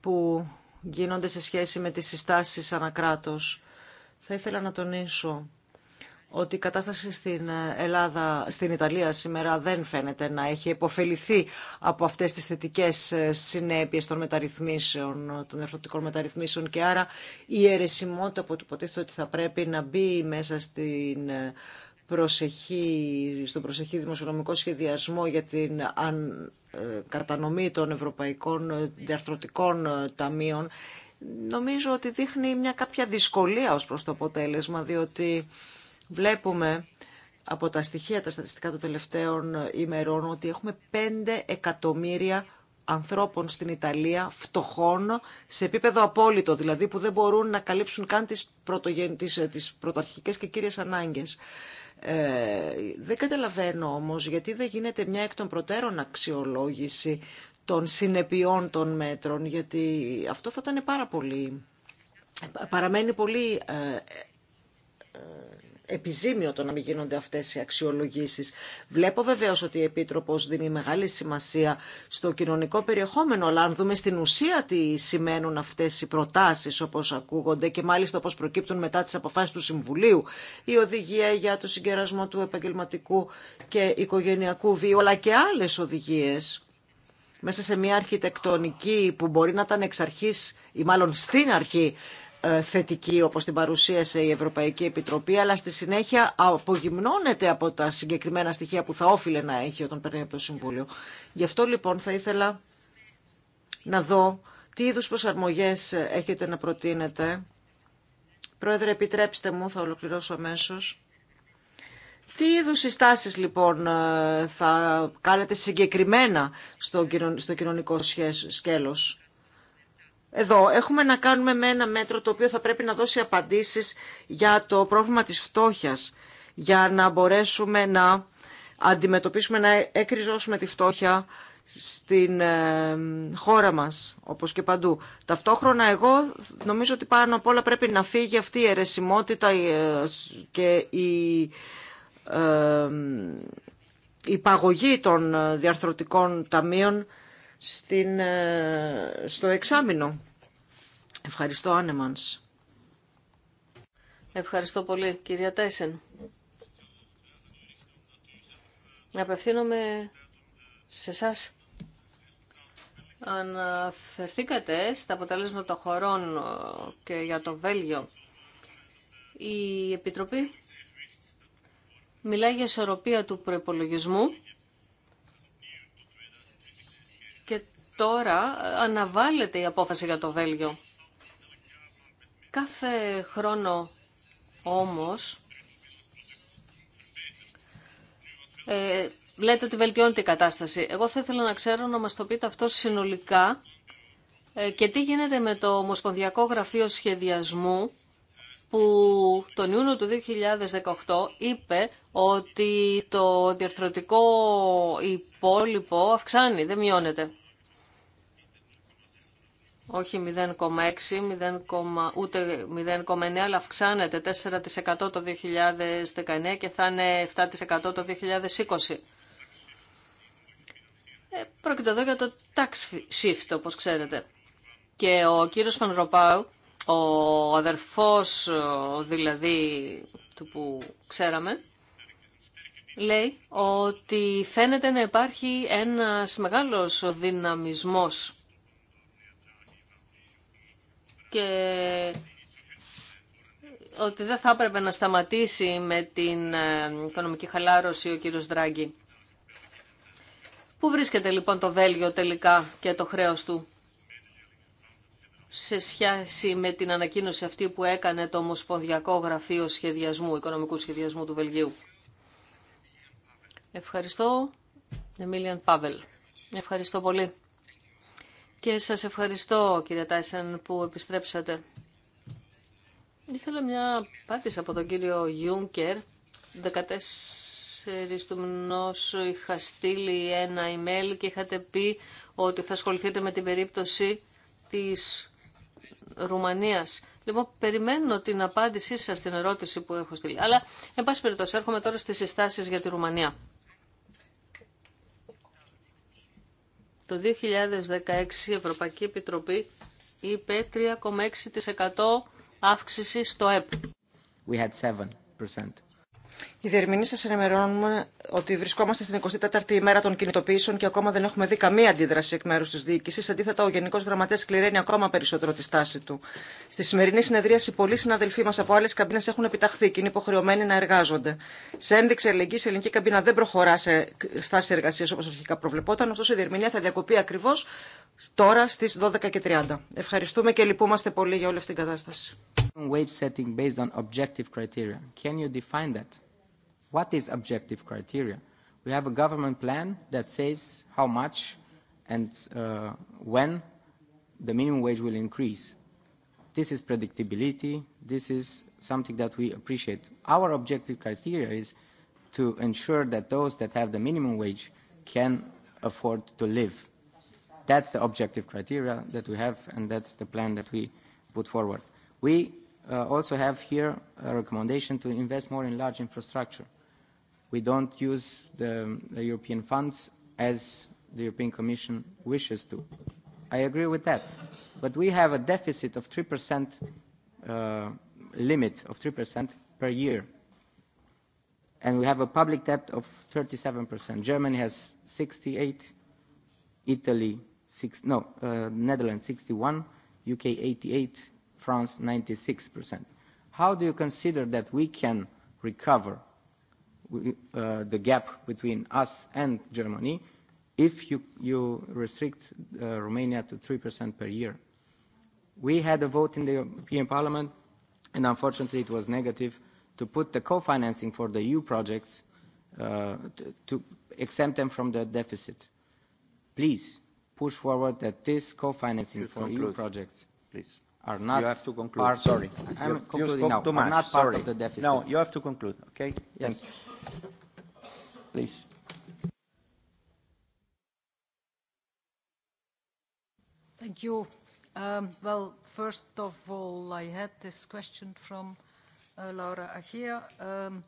που γίνονται σε σχέση με τις συστάσεις ανακράτος, θα ήθελα να τονίσω ότι η κατάσταση στην ε, Ελλάδα, στην Ιταλία σήμερα δεν φαίνεται να έχει υποφεληθεί από αυτές τις θετικές ε, συνέπειες των μεταρρυθμίσεων, των διαφορετικών μεταρρυθμίσεων και άρα η αιρεσιμότητα που υποτίθεται ότι θα πρέπει να μπει μέσα στην ε, προσεχή, στον προσεχή δημοσιονομικό σχεδιασμό για την αν, κατανομή των ευρωπαϊκών διαρθρωτικών ταμείων νομίζω ότι δείχνει μια κάποια δυσκολία ως προς το αποτέλεσμα διότι βλέπουμε από τα στοιχεία τα στατιστικά των τελευταίων ημερών ότι έχουμε 5 εκατομμύρια ανθρώπων στην Ιταλία φτωχών σε επίπεδο απόλυτο, δηλαδή που δεν μπορούν να καλύψουν καν τις, πρωτογεν... τις, πρωταρχικές και κύριες ανάγκες. Ε, δεν καταλαβαίνω όμως γιατί δεν γίνεται μια εκ των προτέρων αξιολόγηση των συνεπειών των μέτρων, γιατί αυτό θα ήταν πάρα πολύ... Παραμένει πολύ ε, επιζήμιο το να μην γίνονται αυτές οι αξιολογήσεις. Βλέπω βεβαίως ότι η Επίτροπος δίνει μεγάλη σημασία στο κοινωνικό περιεχόμενο, αλλά αν δούμε στην ουσία τι σημαίνουν αυτές οι προτάσεις όπως ακούγονται και μάλιστα όπως προκύπτουν μετά τις αποφάσεις του Συμβουλίου, η οδηγία για το συγκερασμό του επαγγελματικού και οικογενειακού βίου, αλλά και άλλες οδηγίες μέσα σε μια αρχιτεκτονική που μπορεί να ήταν εξ αρχής ή μάλλον στην αρχή ε, θετική όπως την παρουσίασε η Ευρωπαϊκή Επιτροπή αλλά στη συνέχεια απογυμνώνεται από τα συγκεκριμένα στοιχεία που θα όφιλε να έχει όταν παίρνει από το Συμβούλιο. Γι' αυτό λοιπόν θα ήθελα να δω τι είδους προσαρμογές έχετε να προτείνετε. Πρόεδρε επιτρέψτε μου, θα ολοκληρώσω αμέσω. Τι είδους συστάσεις λοιπόν ε, θα κάνετε συγκεκριμένα στο κοινωνικό σκέλος εδώ έχουμε να κάνουμε με ένα μέτρο το οποίο θα πρέπει να δώσει απαντήσεις για το πρόβλημα της φτώχειας, για να μπορέσουμε να αντιμετωπίσουμε, να εκριζώσουμε τη φτώχεια στην ε, χώρα μας, όπως και παντού. Ταυτόχρονα εγώ νομίζω ότι πάνω απ' όλα πρέπει να φύγει αυτή η αιρεσιμότητα ε, και η, ε, η παγωγή των διαρθρωτικών ταμείων ε, στο εξάμεινο. Ευχαριστώ, Άνεμανς. Ευχαριστώ πολύ, κυρία Τάισεν. Απευθύνομαι σε εσά. Αναφερθήκατε στα αποτελέσματα χωρών ε, και για το Βέλγιο. Η Επιτροπή μιλάει για ισορροπία του προπολογισμού τώρα αναβάλλεται η απόφαση για το Βέλγιο. Κάθε χρόνο όμως ε, λέτε ότι βελτιώνεται η κατάσταση. Εγώ θα ήθελα να ξέρω να μας το πείτε αυτό συνολικά ε, και τι γίνεται με το Ομοσπονδιακό Γραφείο Σχεδιασμού που τον Ιούνιο του 2018 είπε ότι το διαρθρωτικό υπόλοιπο αυξάνει, δεν μειώνεται όχι 0,6, ούτε 0,9, αλλά αυξάνεται 4% το 2019 και θα είναι 7% το 2020. Ε, πρόκειται εδώ για το tax shift, όπως ξέρετε. Και ο κύριος Φανροπάου, ο αδερφός δηλαδή του που ξέραμε, λέει ότι φαίνεται να υπάρχει ένας μεγάλος δυναμισμός και ότι δεν θα έπρεπε να σταματήσει με την ε, οικονομική χαλάρωση ο κύριος Δράγκη. Πού βρίσκεται λοιπόν το Βέλγιο τελικά και το χρέος του σε σχέση με την ανακοίνωση αυτή που έκανε το Ομοσπονδιακό Γραφείο Σχεδιασμού, Οικονομικού Σχεδιασμού του Βελγίου. Ευχαριστώ, Εμίλιαν Πάβελ. Ευχαριστώ πολύ. Και σας ευχαριστώ κύριε Τάισεν που επιστρέψατε. Ήθελα μια απάντηση από τον κύριο Γιούνκερ. 14 του μηνός είχα στείλει ένα email και είχατε πει ότι θα ασχοληθείτε με την περίπτωση της Ρουμανίας. Λοιπόν, περιμένω την απάντησή σας στην ερώτηση που έχω στείλει. Αλλά, εν πάση περιπτώσει, έρχομαι τώρα στις συστάσεις για τη Ρουμανία. Το 2016 η Ευρωπαϊκή Επιτροπή είπε 3,6% αύξηση στο ΕΠ. We 7%. Οι διερμηνείς σα ενημερώνουμε ότι βρισκόμαστε στην 24η ημέρα των κινητοποιήσεων και ακόμα δεν έχουμε δει καμία αντίδραση εκ μέρου τη διοίκηση. Αντίθετα, ο Γενικός Γραμματέα κληραίνει ακόμα περισσότερο τη στάση του. Στη σημερινή συνεδρίαση, πολλοί συναδελφοί μα από άλλε καμπίνε έχουν επιταχθεί και είναι υποχρεωμένοι να εργάζονται. Σε ένδειξη ελληνική, η ελληνική καμπίνα δεν προχωρά σε στάση εργασίας όπως αρχικά προβλεπόταν, ωστόσο η διερμηνία θα διακοπεί ακριβώ τώρα στι 12.30. Ευχαριστούμε και λυπούμαστε πολύ για όλη αυτή την κατάσταση. Wage setting based on objective criteria. Can you define that? What is objective criteria? We have a government plan that says how much and when the minimum wage will increase. This is predictability. This is something that we appreciate. Our objective criteria is to ensure that those that have the minimum wage can afford to live. That's the objective criteria that we have, and that's the plan that we put forward. We also have here a recommendation to invest more in large infrastructure we don't use the European funds as the European Commission wishes to. I agree with that. But we have a deficit of 3% limit of 3% per year. And we have a public debt of 37%. Germany has 68, Italy, six, no, Netherlands 61, UK 88, France 96%. How do you consider that we can recover the gap between us and Germany if you, you restrict Romania to 3% per year. We had a vote in the European Parliament, and unfortunately it was negative, to put the co-financing for the EU projects to exempt them from the deficit. Please push forward that this co-financing for EU projects please. are not you have to conclude. Part, sorry, I'm concluding now. Are not part of the deficit. No, you have to conclude. Okay. Yes. Please. Thank you. Well, first of all, I had this question from Laura um,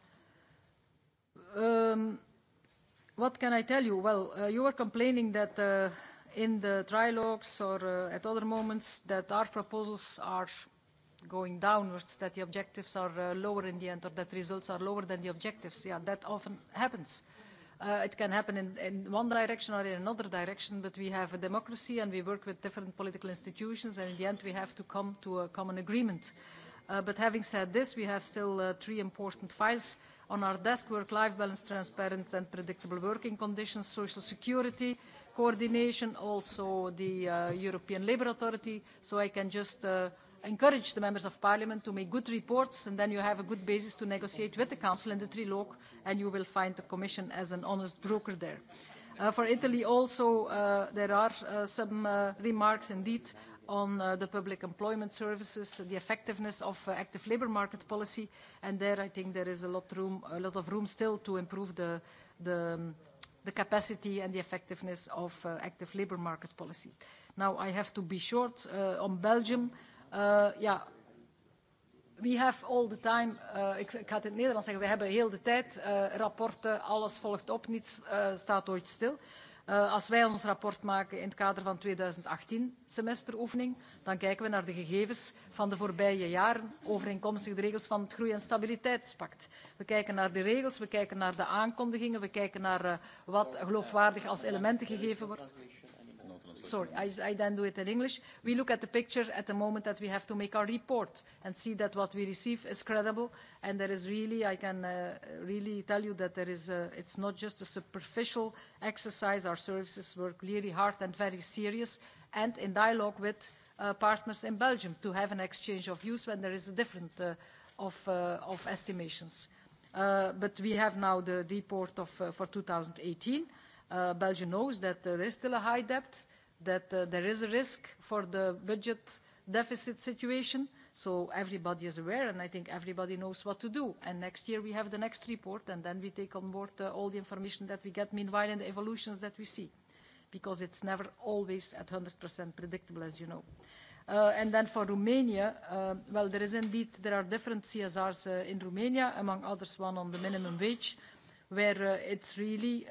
What can I tell you? Well, you were complaining that in the trilogues or at other moments that our proposals are going downwards, that the objectives are lower in the end or that results are lower than the objectives. Yeah, that often happens. It can happen in one direction or in another direction, but we have a democracy and we work with different political institutions and in the end we have to come to a common agreement. But having said this, we have still three important files on our desk, work-life balance, transparent and predictable working conditions, social security, coordination, also the European Labour Authority. So I can just encourage the members of parliament to make good reports and then you have a good basis to negotiate with the council in the trilogue and you will find the commission as an honest broker there. For Italy also there are some remarks indeed on the public employment services, the effectiveness of active labour market policy and there I think there is a lot of room still to improve the the capacity and the effectiveness of active labour market policy. Now I have to be short on Belgium ja, we have all the time, ik, ga het in het Nederlands zeggen, we hebben heel de tijd rapporten, alles volgt op, niets staat ooit stil. Als wij ons rapport maken in het kader van 2018 semesteroefening, dan kijken we naar de gegevens van de voorbije jaren overeenkomstig de regels van het Groei- en Stabiliteitspact. We kijken naar de regels, we kijken naar de aankondigingen, we kijken naar wat geloofwaardig als elementen gegeven wordt sorry, I then do it in English. We look at the picture at the moment that we have to make our report and see that what we receive is credible. And there is really, I can really tell you that there is, it's not just a superficial exercise. Our services work really hard and very serious and in dialogue with partners in Belgium to have an exchange of views when there is a difference of estimations. But we have now the report of for 2018. Belgium knows that there is still a high debt that there is a risk for the budget deficit situation. So everybody is aware, and I think everybody knows what to do. And next year we have the next report, and then we take on board all the information that we get meanwhile and the evolutions that we see, because it's never always at 100% predictable, as you know. And then for Romania, well, there is indeed, there are different CSRs in Romania, among others one on the minimum wage, where it's really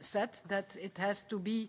said that it has to be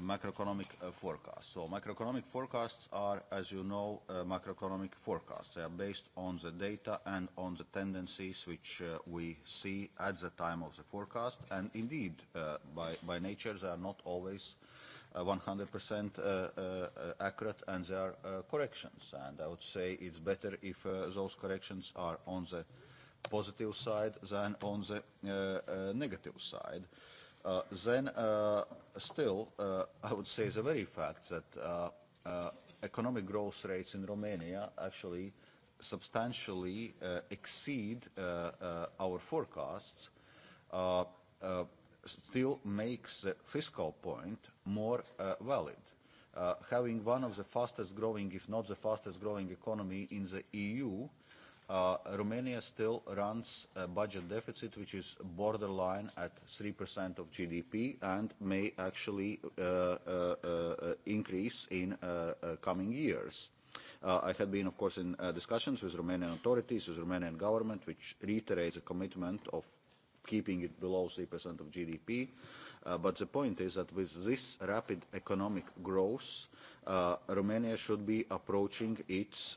macroeconomic forecasts. So macroeconomic forecasts are, as you know, macroeconomic forecasts. They are based on the data and on the tendencies which we see at the time of the forecast. And indeed, by by nature, they are not always 100% accurate and there are corrections. And I would say it's better if those corrections are on the positive side than on the negative side. Then still, I would say the very fact that economic growth rates in Romania actually substantially exceed our forecasts still makes the fiscal point more valid. Having one of the fastest growing, if not the fastest growing economy in the EU, Romania still runs a budget deficit which is borderline at 3% of GDP and may actually increase in coming years. I had been, of course, in discussions with Romanian authorities, with Romanian government, which reiterates a commitment of keeping it below 3% of GDP. But the point is that with this rapid economic growth, Romania should be approaching its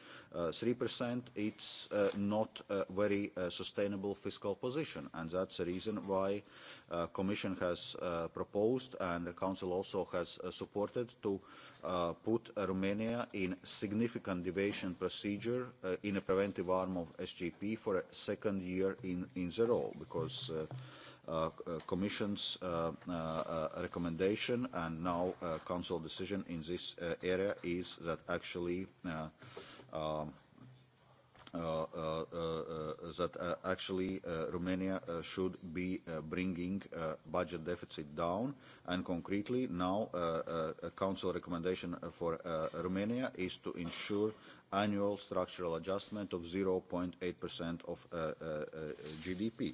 3%, it's not a very sustainable fiscal position. And that's the reason why the Commission has proposed and the Council also has supported to put Romania in significant deviation procedure in a preventive arm of SGP for a second year in the role because Commission's recommendation and now Council decision in this area is that actually that actually Romania should be bringing budget deficit down and concretely now a council recommendation for Romania is to ensure annual structural adjustment of 0.8% of GDP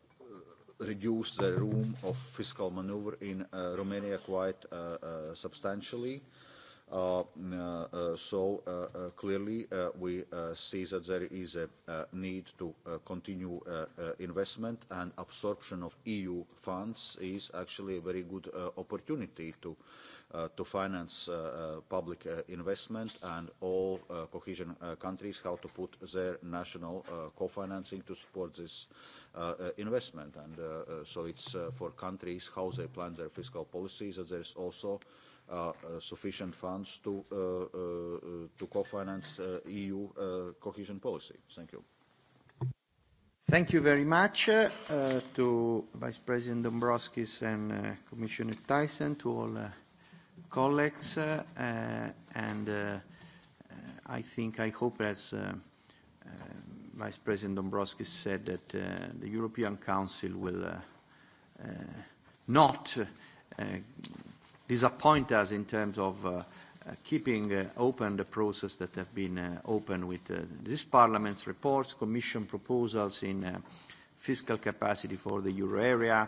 reduce the room of fiscal maneuver in Romania quite substantially. So clearly we see that there is a need to continue investment and absorption of EU funds is actually a very good opportunity to to finance public investment and all cohesion countries how to put their national co-financing to support this investment. And so it's for countries how they plan their fiscal policies that there's also sufficient funds to to co-finance EU cohesion policy. Thank you. Thank you very much to Vice President Dombrovskis and Commissioner Tyson, to all colleagues, and I think, I hope, as Vice President Dombrovskis said, that the European Council will not disappoint us in terms of keeping open the process that have been open with this Parliament's reports, Commission proposals in fiscal capacity for the euro area,